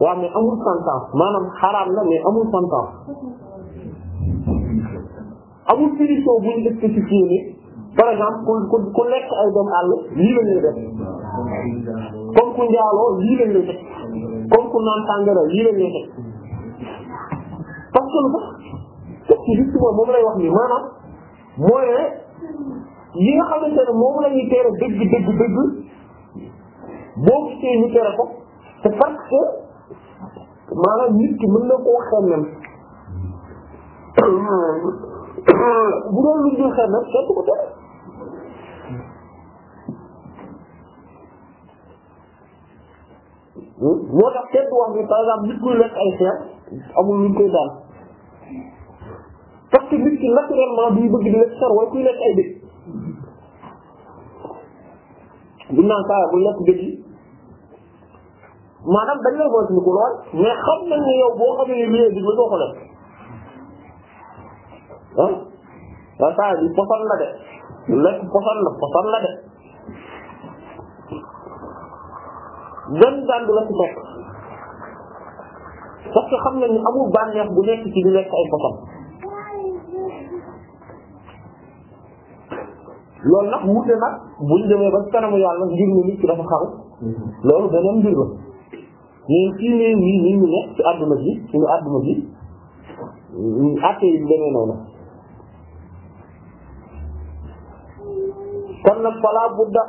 waaw mais amul sentence maanaam xaraam la mais amul sentence amul punition bu ñu spécifié ni par exemple ku ku lekk ay doom àll lii lañ lay def comme ku njaaloo lii lañ lay def comme ku naan sàngara lii lañ lay def parce que mooy ne yi nga xamante ne moom tere dëgg dëgg dëgg boo gisee ñu tere ko c'est parce que maanaam nit ki mën na koo xemmem bu doon lu ñu xemmem kenn ko tere moo tax kenn du wax ni par exemple nit kuy lekk ay amul luñ koy daan parce que nit ki naturellement duy wala kuy lekk ay dëkk buñ naan saa bu lekk dëkk yi maanaam dañ lay moytu lool mais xam nañ ne yow la de lekk poson la de benn daan du la ci fekk parce que xam nañ ne amul bànneex bu nekk ci di lekk ay poson loolu nag wute nag buñ demee ba kanamu yàlla ngir ne nit ki dafa xaru loolu beneen mbir la mais fii nii nii nii ñu ne ci àdduna bi suñu àdduna bi àtte yi demee noonu kon nag falaa budda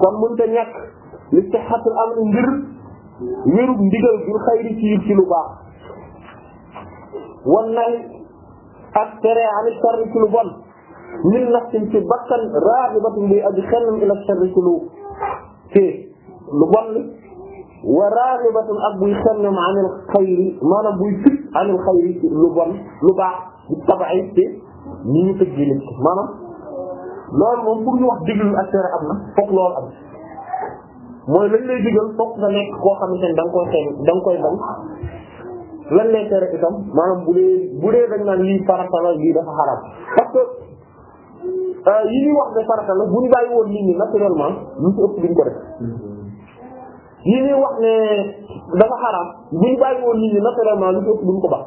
kon mënta ñàkk li sihhatul amri ngir wérub ndigal bil xayri ci ci lu baax wan nay ak tere ani sharri ci lu bon min nafsin ci bakkan raaxibatin bi aji xellam ila sharri ci lu ci lu bon li wa raaxibatun ak buy xellam anil xayri maanaam buy fit anil xayri ci lu bon lu baax di tabaay ci ni ñu tëggee nit maanaam loolu moom pour ñu wax déglu ak tere am na fokk loolu am mooy lañ lay digal fokk nga nekk koo xamante ne da nga koy xeeb da koy bañ lan lay tere itam maanaam bu dee bu dee dañ naan lii farata lii dafa xaraam parce que euh, yi ñuy wax ne farata la bu ñu bàyyi woon nit ñi naturellement ñu ci ëpp duñ ko def yi ñuy wax ne dafa xaraam bu ñu bàyyi woon nit ñi naturellement lu ci ëpp duñ ko baax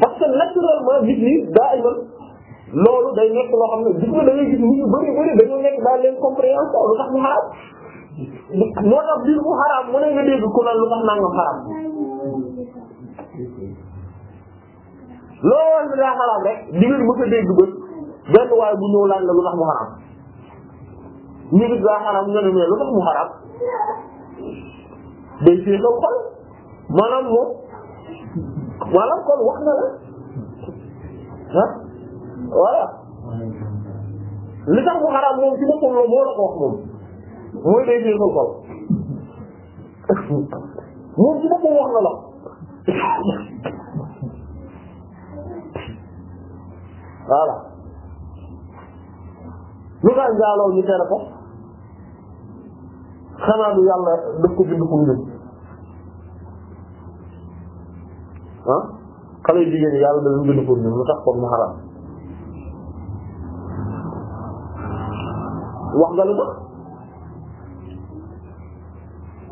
parce que naturellement nit ñi daa iman loolu day nekk loo xam ne du ko da ngay gis nit ñu bëri bëri dañoo nekk daal leen compréhension lu tax mu xaraam moo tax biir bu xaraam mu ne nga dégg ku naan lu tax nangam xaraam loolu woon daa xaraam rek di ngeen mën a dégg ba benn waay bu ñëw laaj la lu tax mu xaraam ñu gis daa xaraam nga ne mais lu tax mu xaraam day séexal xol maanaam moom maanaam kon wax na la ah voilà li tax mu xaraam moom ci boppam la moo la ko wax moom mooy day dee xol xol moom ci boppam wax na la voilà lu tax njaaloo ñu tere ko xanaa du yàlla daf ko bind fu mu jëm ah xale yu jigéen yàlla da leen bind fu mu jëm lu tax kon mu xaraam wax nga lu ma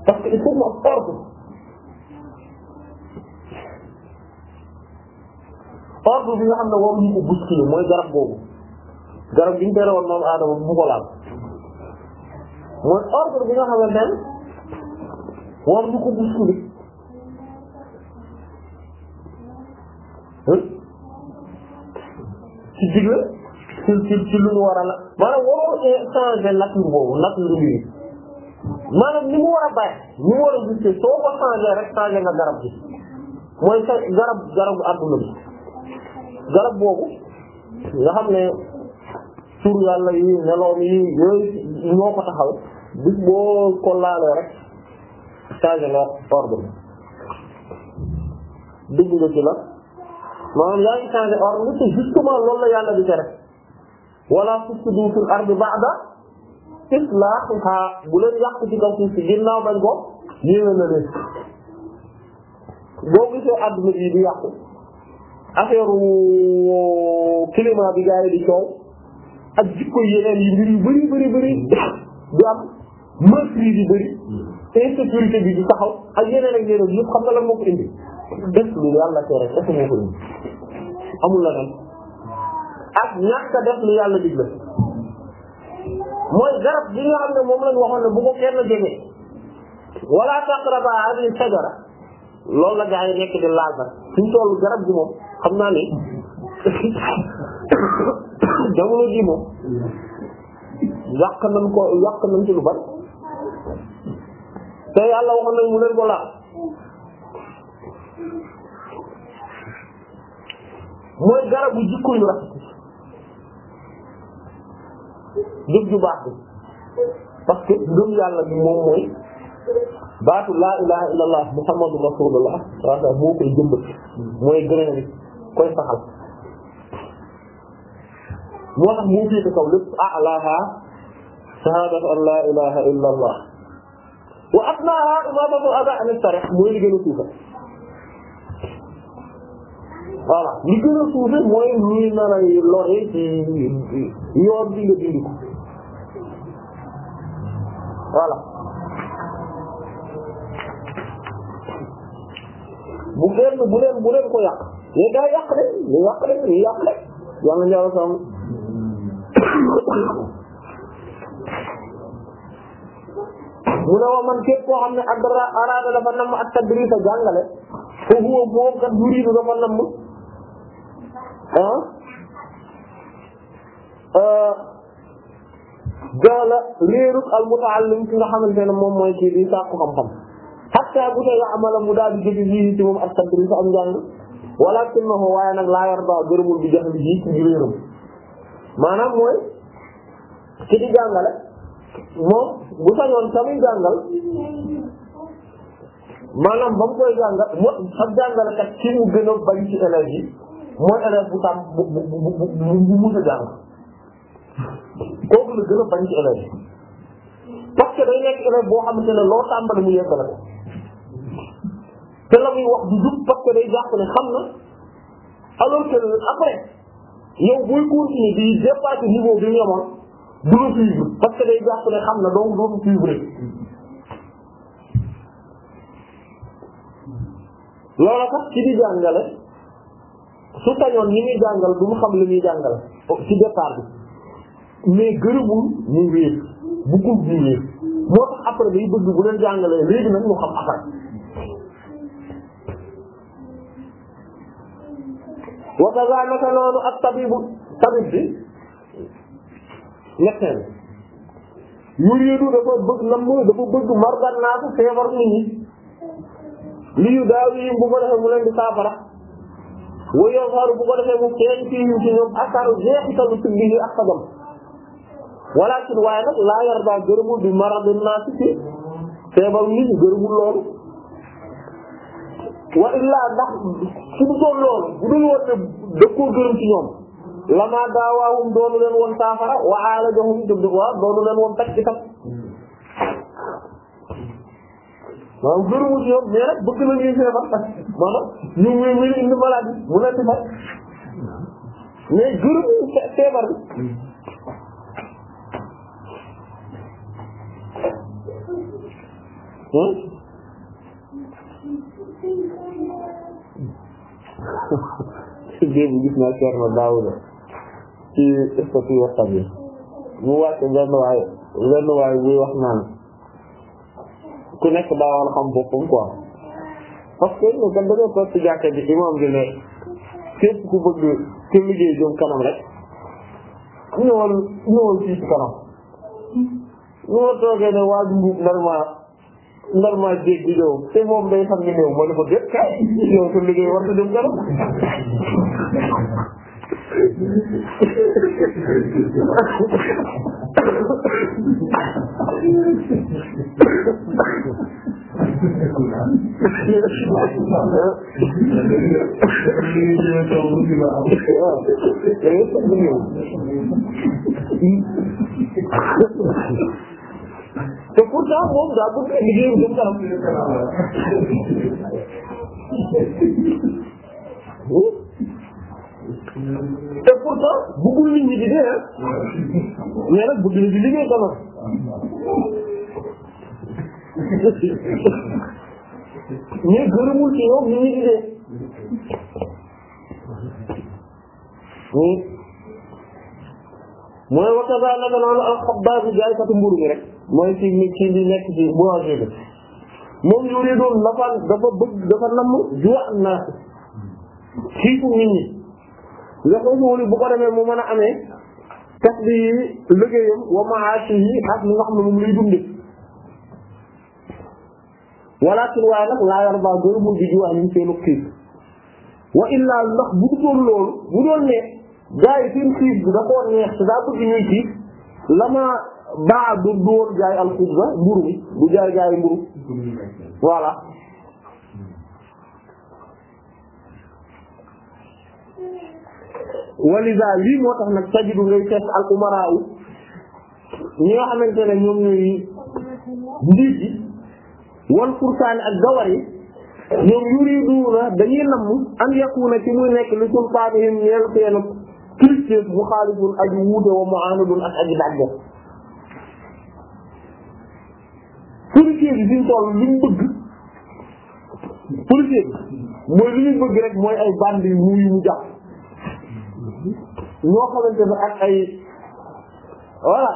parce que il faut mu am ordre ordre bi nga xam ne waruñu ko bousculer mooy garab boobu garab gi ñu tere woon noonu aadama bu ko laal mooy ordre bi nga xam ne waruñu ko bousculer hmm? ci digle ci ci ci lu ñu war a la maanaam waroo changer nature boobu nature bi maanaam ni mu war a bàyyi ni mu soo ko changer rek changer nga garab bi mooy sa garab garabu adduna garab boobu nga ne tur yàlla yi meloom yi yooyu ñoo ko taxaw bis boo ko laalee rek changer nga ordre dugg nga ci la maanaam yaa ngi changer ordre justement loolu la yàlla di tere wala tufsidu fil ardi ba'da islaahiha bu leen yàq ci kaw suuf si ginnaaw bañ ko yéwén na leen boo gisee adduna bii di yàqu affaire euh, climat bi gars yi di coow ak jikko yeneen yi mbir yu bëri bëri bëri di am meurtre yi di bëri insécurité bi di taxaw ak yeneen ak yeneen indi des lu yàlla tere des indi amul la nag ak ñàkk a def lu yàlla digle mooy garab bi nga xam moom lañ waxoon ne bu ko kenn jege wala taqraba hadhihi shajara loolu la gaa yi nekk di laal ba suñ tollu garab gi moom xam naa ni jamono ji moom yàq nañ ko yàq nañ ci lu bari te yàlla waxoon nañ mu leen mooy garabu jikko yu rafet jëf ju baax bi parce que gëm yàlla bi moom mooy baatu laa ilaha illallah muhammadu rasulullah waaw moo koy jëmbat mooy gëneen bi koy saxal moo tax moo féete kaw lépp a'laha shahadatu an laa ilaha illallah wa adnaha imaamatu ada an sarih mooy li gën a suufa voilà li gën a suufe mooy luy nar a lore ci yoon bi nga dindi ko voilà bu kenn bu leen bu leen ko yàq yéen daa yàq rek ñu yàq rek ñu yàq rek yàlla njaww sam mu ne wa man képp koo xam ne adra araada dafa namm ak tadrisa jàngale foofu moom kat yuriidu dafa namm ah euh, gaala réerug al mutaallim ki nga xamante ne moom mooy kii di sàkku xam-xam hatta bu tey amala mu daal di jëfi fii ci moom ak tadris am njàng walakinahu waaye nag laa yarda gërëmul bi jax bi ji ci réerum maanaam mooy ki di jàngale moom bu sañoon tamit jàngal maanaam ba mu koy jàngal mu ak jàngalekat ci mu gën a bari ci mooy élève bu tàmm bu bu bu bu mujj a jàng kooku la gën a bañ ci élève parce que day nekk élève boo xamante ne loo tàmbali mu yeggale ko te la muy wax du jub parce que day jàpp ne xam na alors que après yow booy continuer di dépasser niveau bi mu yemoon du la suivre parce que day jàpp ne xam na donc dootu suivre loola sax ci di jàngale su sañoon ñi muy jàngal du mu xam li muy jàngal ci départ bi mais gërëmul ñu wéer buggul ñu wéer moo tax après day bëgg bu leen jàngalee léegi nag ñu xam affaire wakaga naka noonu ak tabibu tabib bi ñetteel yuriidu dafa bëgg nam dafa bëgg mardan naa ko feebar nit ñi li yu daaw yi bu ko mu leen di saafara wa yazharu bu ko defee mu feeñ fii ci ñoom asaru jeexitalu si biir ak sagam walakin waaye nag laa yarda gërëmul bi maradin naasi ci feebar nit ñi gërëmul loolu wa illaa ndax su du doon loolu bu dul woon ne da koo ci ñoom lamaa daawaahum doonu leen woon saafara wa aalajohum jëb waa doonu leen woon taj ci maanaam gënuwul si yoon mais nag bëgg na ñuy feebar maanaam ñu ngi ñu ngi indi malade bi mu nekk fa mais gënuwul feebar bi. Hmm? démb gis naa Thierno Daouda ci statut waxtaan bi mu wàcc benn waay benn waay buy wax naan. ku nekk daa war a xam boppam quoi parce que ñun kat dañoo toog ci jàkka ji imam bi ne képp ku bëgg te liggéey jëm kanam rek ñëwal ñëwal fii ci kanam ñu ma toogee ne waa ji mbuub normal normal jéeg di ñëw te moom day xam ne néew ma ne ko gën kay yow sa liggéey war na jëm kanam te pourtant moom daa bëgg liggéey bu kanam te pourtant bëggul nit ñi di dee ah. mais nag bëgg na di liggéey quand même mais gërëmul ci yow nit ñi di dee mooy waxtaan naka noonu am xabaar bi jaaykatu mburu bi rek mooy ci ci li nekk ci boulangerie bi moom yooyu doon nafaan dafa bëgg dafa namm juwa naa xiifu nit ñi nga koy wóolu bu ko demee mu mën a amee kas bi liggéeyam wa ma'ashihi ak li nga xam ne moom lay dunde walakin waaye nag laa yarda gëru mun bi jiwaanin seenu xiif wa illaa ndax bu dutoon loolu bu doon ne gaa yi seen xiif bi da koo neex te daa bëgg ñuy xiif lama baa du doon jaay alxubza mburu mi du jaay jaay mburu voilà walisa lii moo tax nag tajidu ngay fekk al umaraa ñi nga xamante ne ñoom ñooy njiit yi wal fursaani ak gawar yi ñoom yuriduuna dañuy namm an yakuna ci muy nekk li sultaanihim ñeel seen kilifteef muxaalifun aji wuute wa mu'aaridun ak aji dàgge policier bi suñ toll li mu bëgg policier bi mooy li bëgg rek mooy ay bandi yu mu jàpp ñoo xamante na ak ay voilà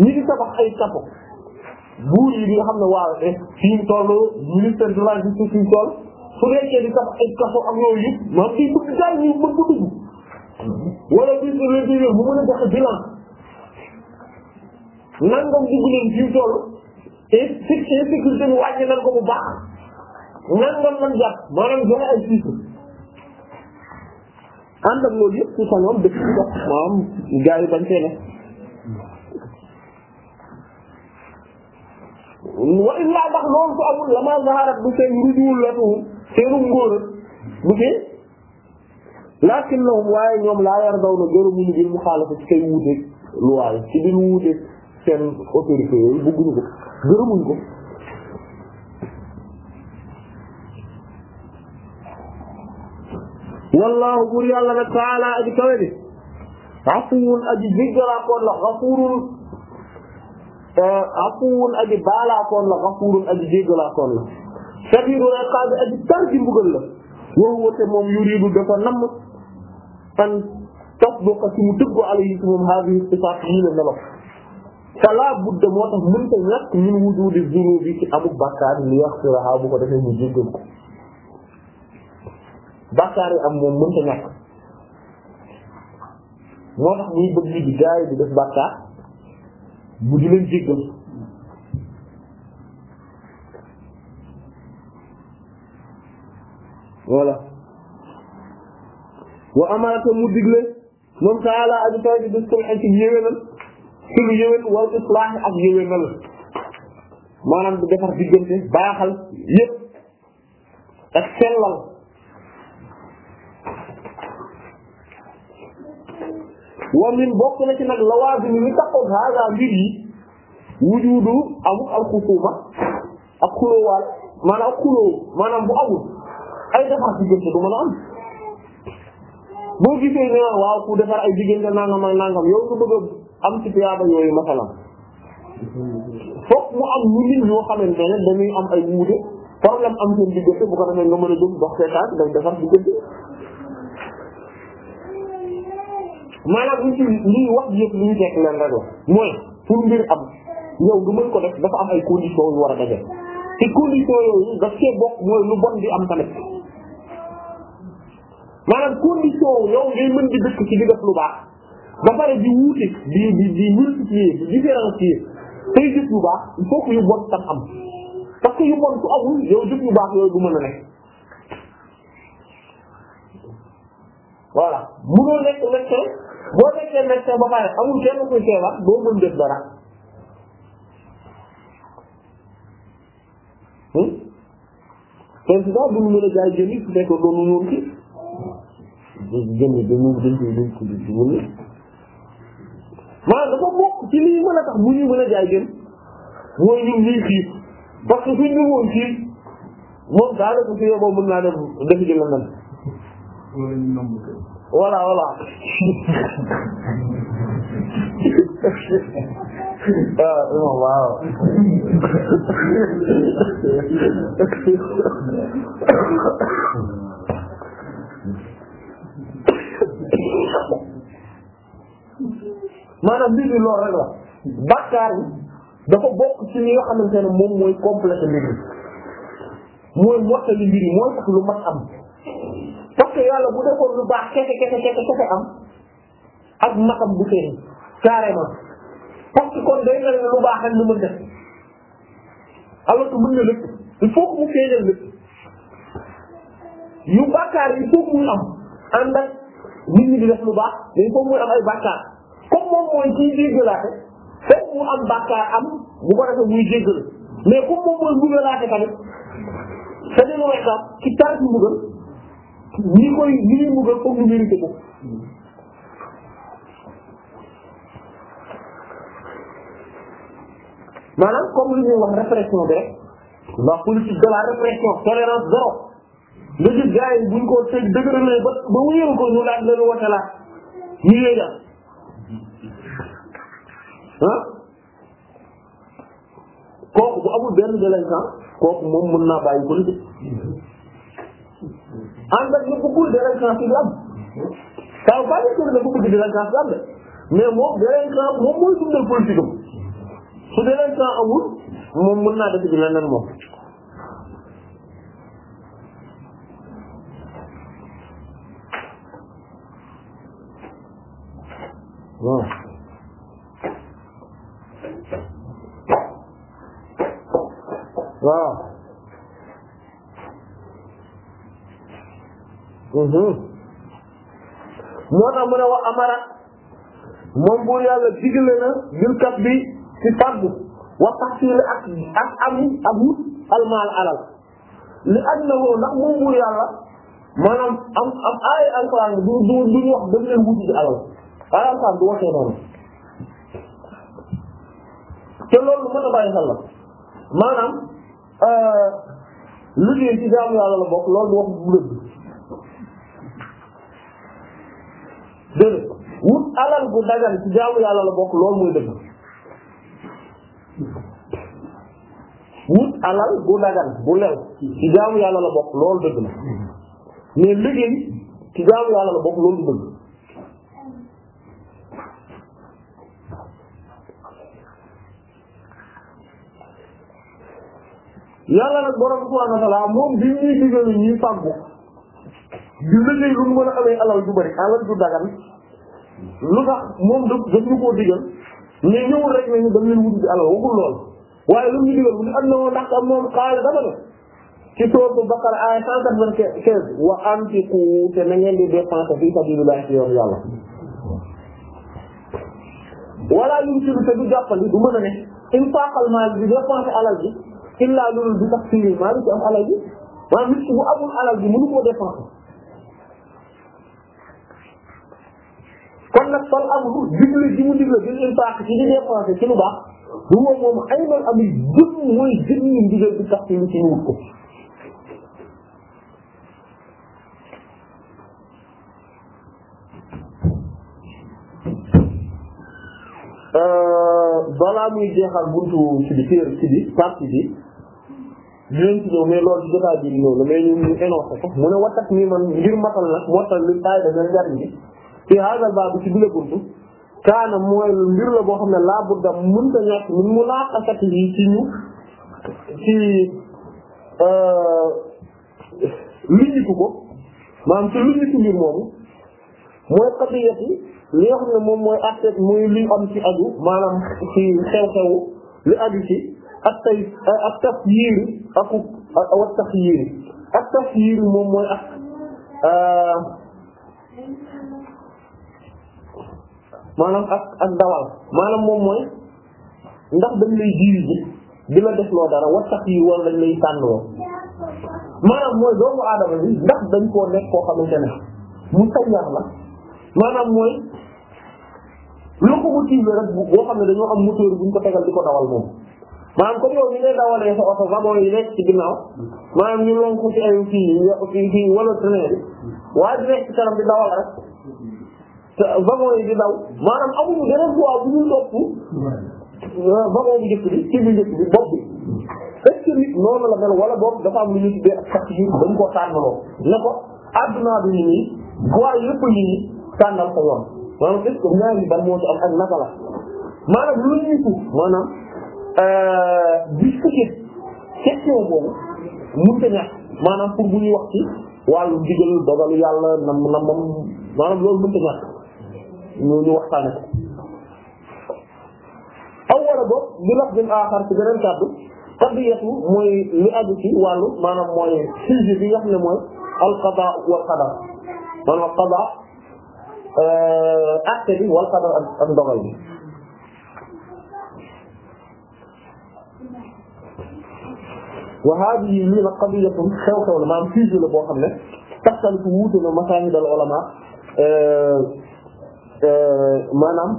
ñi ngi tabax ay sapo buur yi nga xam ne waaw eh, fii mu toll ministère de la justice fi mu di tabax ay kaso ak yooyu yëpp maa ngi bëgg daal ñu mën ko dugg wala biir biir biir bu mën a joxe bilan nangam dugg leen fi mu toll et sécurité bi nan ko bu baax nangam man jàpp maanaam ànd ak loolu yëpp su sañoon dëkk bi dox maanaam gaa yi bañ fee ne wa illaa ndax la ma zaharat du seen rujuwul latuhum seenu ngóor du fee laakin lahum waaye ñoom laa yar daw na bil muxaalafa ci kay wuuteeg luwaay ci biir wuuteeg seen autorité yooyu bëgguñu ko gërëmuñu ko wallaahu buur yàlla nag taala aji kawe bi afuwun aji jéggalaakoon la xafuurun eh, afuwun aji baalaakoon la xafuurun aji jéggalaakoon la shadiidul iqaab aji tar ci mbugal la woo wate moom yuriidu dafa namm an tasduqa si mu tëggu alayhi si moom haadihi sifaat yii la melo te laa budda moo tax mënta ñàkk min wujuudi zunuubi ci amul bàkkaar li yaxfiraha bu ko defee mu jéggal ko bàkkaar yi am moom mënta ñàkk moo tax muy bëgg di gaay di def bàkkaar bu di leen jéggal voilà wa amaata mu digle moom taala aju taw bi bis tol ci yéwénal ci lu yéwén wal islaax ak yéwénal maanaam du defar diggante baaxal yépp ak sellal wa min bokk na ci nag lawaazim yi taxoon haaga mbir yi wujudu amul al xusuma ak xulóowaal maanaam xulóo maanaam bu amul ay defar diggante du mën a am boo gisee ne waaw ku defar ay diggante yow nga bëgg a am ci tiyaaba yooyu masalan fokk mu am ñu nit ñoo xamante ne dañuy am ay wuute problème am seen diggante bu ko defee nga mën a jóg dox seetaan day defar diggante maanaam ñu ci lii wax bi yëpp ñu tekk nan rajo mooy pour mbir am yow du mën ko def dafa am ay conditions war a daje te conditions yooyu daf cee bokk mooy lu bon di am tamit maanaam condition yow ngay mën di dëkk ci di lu baax ba pare di wuute di di di multiplier di différencier tey jëf yu baax il que yu bon tam am parce yu bon su amul yow jëf yu baax yooyu du mën a nekk voilà munoo nekk médecin boo nekkee médecin ba pare amul kenn kuy feebar doo mën def dara hmm? président bu ñu mën a jaay jënd su nekk doonu ñoom ci jënd dañu dañ ko dañ ko dañ ko mën maanaam dafa bokk ci lii mën a tax bu ñu mën a jaay jënd mooy ñun ñuy xiif parce que suñ ñu woon xiif moom daanaka su yoboo mën naa def def jënd nan voilà voilà waaw ah, waaw maanaam mbir mi loolu rek la bàkkaar yi dafa bokk ci li nga xamante ne moom mooy complété mbir mi mooy mottali mbir yi mooy tax lu mat am parce que yàlla bu defoon lu baax kese kese kese kese am ak maxam bu feeñ carrément parce que kon day mel lu baax rek lu mën def alors que mën na lépp il faut que mu feeñal yu bàkkaar yi il faut am ànd ak nit ñi di lu baax mais il faut am ay bàkkaar comme moom mooy ciy déggalaate foofu mu am bàkkaar am bu ko defee muy déggal mais comme moom mooy mbugalaate tamit c'est-à-dire mooy sax ki tar ci mbugal ñi koy ñi ñuy mbugal foog ñu mérité ko maanaam comme li ñuy wax répression bi rek la politique de la répression tolérance zéro nga gis gars yi buñ ko teg dëgëralee ba ba wéeru ko ñu laaj leen wote laa ñu yooyu def ah kooku bu amul benn délinquant kooku moom mën naa bàyyi politique ànd ak ñu bëggul délinquance yi am ça veut pas dire que dafa bëgg délinquance am de mais moom délinquance moom mooy dundal politique am su délinquance amul moom mën naa def ci leneen moom. moom buur yàlla digle na jëlkat bi ci fàddu wa tahsil ak ak am ak wut almaal alal li annahu ndax moom buur yàlla maanaam am ay alquran du du duñu wax dañ leen wuti ci alal ay alquran du waxee noonu te loolu mën a bàyyi xel la maanaam euh, liggéey ci jaamu yàlla la bokk loolu wax bu dëgg déedéet wut alal bu dagan ci jaamu yàlla la bokk loolu mooy dëgg wut alal bu dagan bu lew ci jaamu yàlla la bokk loolu dëgg la mais liggéey ci jaamu yàlla la bokk loolu dëgg yàlla nag borom subhanahu wa ta'ala moom di liggéey lu mu alal ju bari alal ju dagan lu tax moom daf daf ñu koo digal mais ñëwul rek nañu dañ leen di alal waxul lool waaye lu ñu digal mu ne am na ndax am moom xaala dama ne ci soobu Baqara aaya cent quatre-vingt-quinze wa anfiqu te na ngeen di dépenser fi sabilillah ci yoon yàlla wala yum sidu te du jàppandi du mën a ne infaqal maal bi dépenser alal bi illaa loolu du tax fii maal bi ci am alal bi maanaam nit bu amul alal bi mënu koo dépenser kon nag fal am lu digle ji mu digle di leen baax ci di dépensé ci lu baax du moom ay man am jëm mooy jëm ñu ndigal bi tax ci wut ko euh, balaa muy jeexal buntu ci bi téer ci bi partie bi dinañ ci ñëw mais loolu ci mu ne wattak nii man ngir matal nag moo tax taay da nga njariñ bi ci haadal baabu ci bile buntu kaana mooy mbir la boo xam ne laa budda mënta ñàkk min munaqashati yi ci ñu ci euh, liñitu ko maanaam ci liñitu mbir moomu mooy qadiyati li nga xam ne moom mooy aspect muy li am ci aju maanaam ci xew-xewu li aju ci ak tay ak tafyiir ak wa taxyiir moom mooy ak euh, maanaam ak ak dawal maanaam moom mooy ndax dañ lay diriger di la def loo dara wattax yi wala dañ lay tànnloo maanaam mooy doomu aadama bi ndax dañ koo nekk koo xamante ne mu tayyaar la maanaam mooy locomotive rek boo xam ne dañoo am moteur bu ñu ko tegal di ko dawal moom maanaam comme yow ñu ngay dawalee sa oto wagon yi nekk ci ginnaaw maanaam ñu lonku ci ay kii kii wala train bi waaye di nekk ci di dawal rek wagon yi di daw maanaam amuñu beneen voie bu ñu topp euh, wagon bu njëkk bi bu njëkk bi bopp bi est-ce wala boobu dafa am lu ñu tuddee ak sax yi dañ koo tànnaloo ne ko adduna bi ni nii voie yëpp yi nii tànnal sa yoon maanaam est-ce que maanaam lu ñuy tuut maanaam euh, discuter question boobu mënta maanaam pour bu ñuy wax ci wàllu digal dogalu yàlla nam nam maanaam loolu mënta ñàkk ñu ñu waxtaane ko aw wala boog bi laf din aaxar ci beneen kàddu qadiyatu mooy li aju ci wàllu maanaam mooy sujet bi nga xam ne mooy al qadaa wal qadar maanaam qadaa euh, acte bi wal qadar ak ndogal bi wa hadihi lii nag qadiyatun xew-xew la maanaam sujet la boo xam ne taxtalifu wuute na masaahid al ulama euh, Euh, maanaam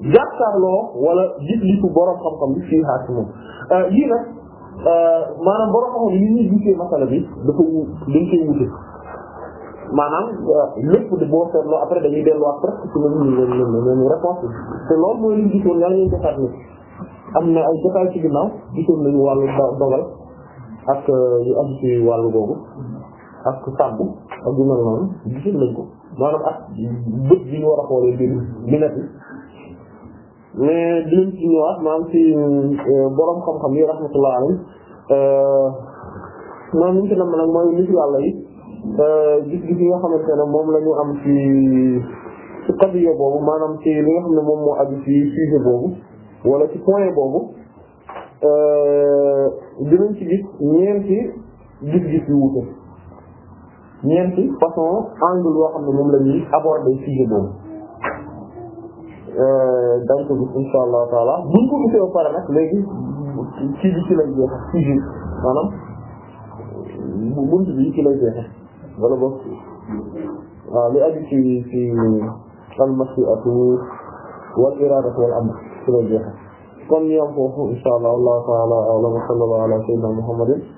jàkkaarloo wala jiblitu borom xam-xam bi fii xaar moom lii euh, nag euh, maanaam borom xam-xam yi ñuy gisee masala bi dafa dañ koy wute maanaam lépp de boo seetloo après dañuy delluwaat presque ci même ñu leen ñu te loolu mooy liñ gisoon yàlla ñuy defaat ni am na ay jotaay ci ginnaaw gisoon nañu wàllu dogal ak yu am ci wàllu googu ak sàmm ak yu mel noonu gisoon nañ ko maanaam ak bët bi ñu war a xoolee mbir mi nekk mais di leen ci ñëwaat maanaam ci euh, borom xam-xam yi rahmatullah alayhi euh, maanaam li ñu ci nam nag mooy nitu yi euh, gis-gis yi nga xamante ne moom la ñu am ci ci qadiya boobu maanaam ci li nga xam ne moom moo aju ci sujet boobu wala ci point boobu dinañ ci gis ñeenti gis-gis yu wuute. ñeenti façon angle yoo xam ne moom la ñuy aborder boobu euh, dañ ko gis insha allahu taala buñ ko gisee ba pare nag léegi ci bi ci lay jeexe sujet maanaam bunt bi ci lay jeexe wala boog waaw li aju ci ci al mashi'atu wal iradatu wal amr ci lay jeexe kon ñu am foofu insha allah allahu taala alam wa sallallahu muhammadin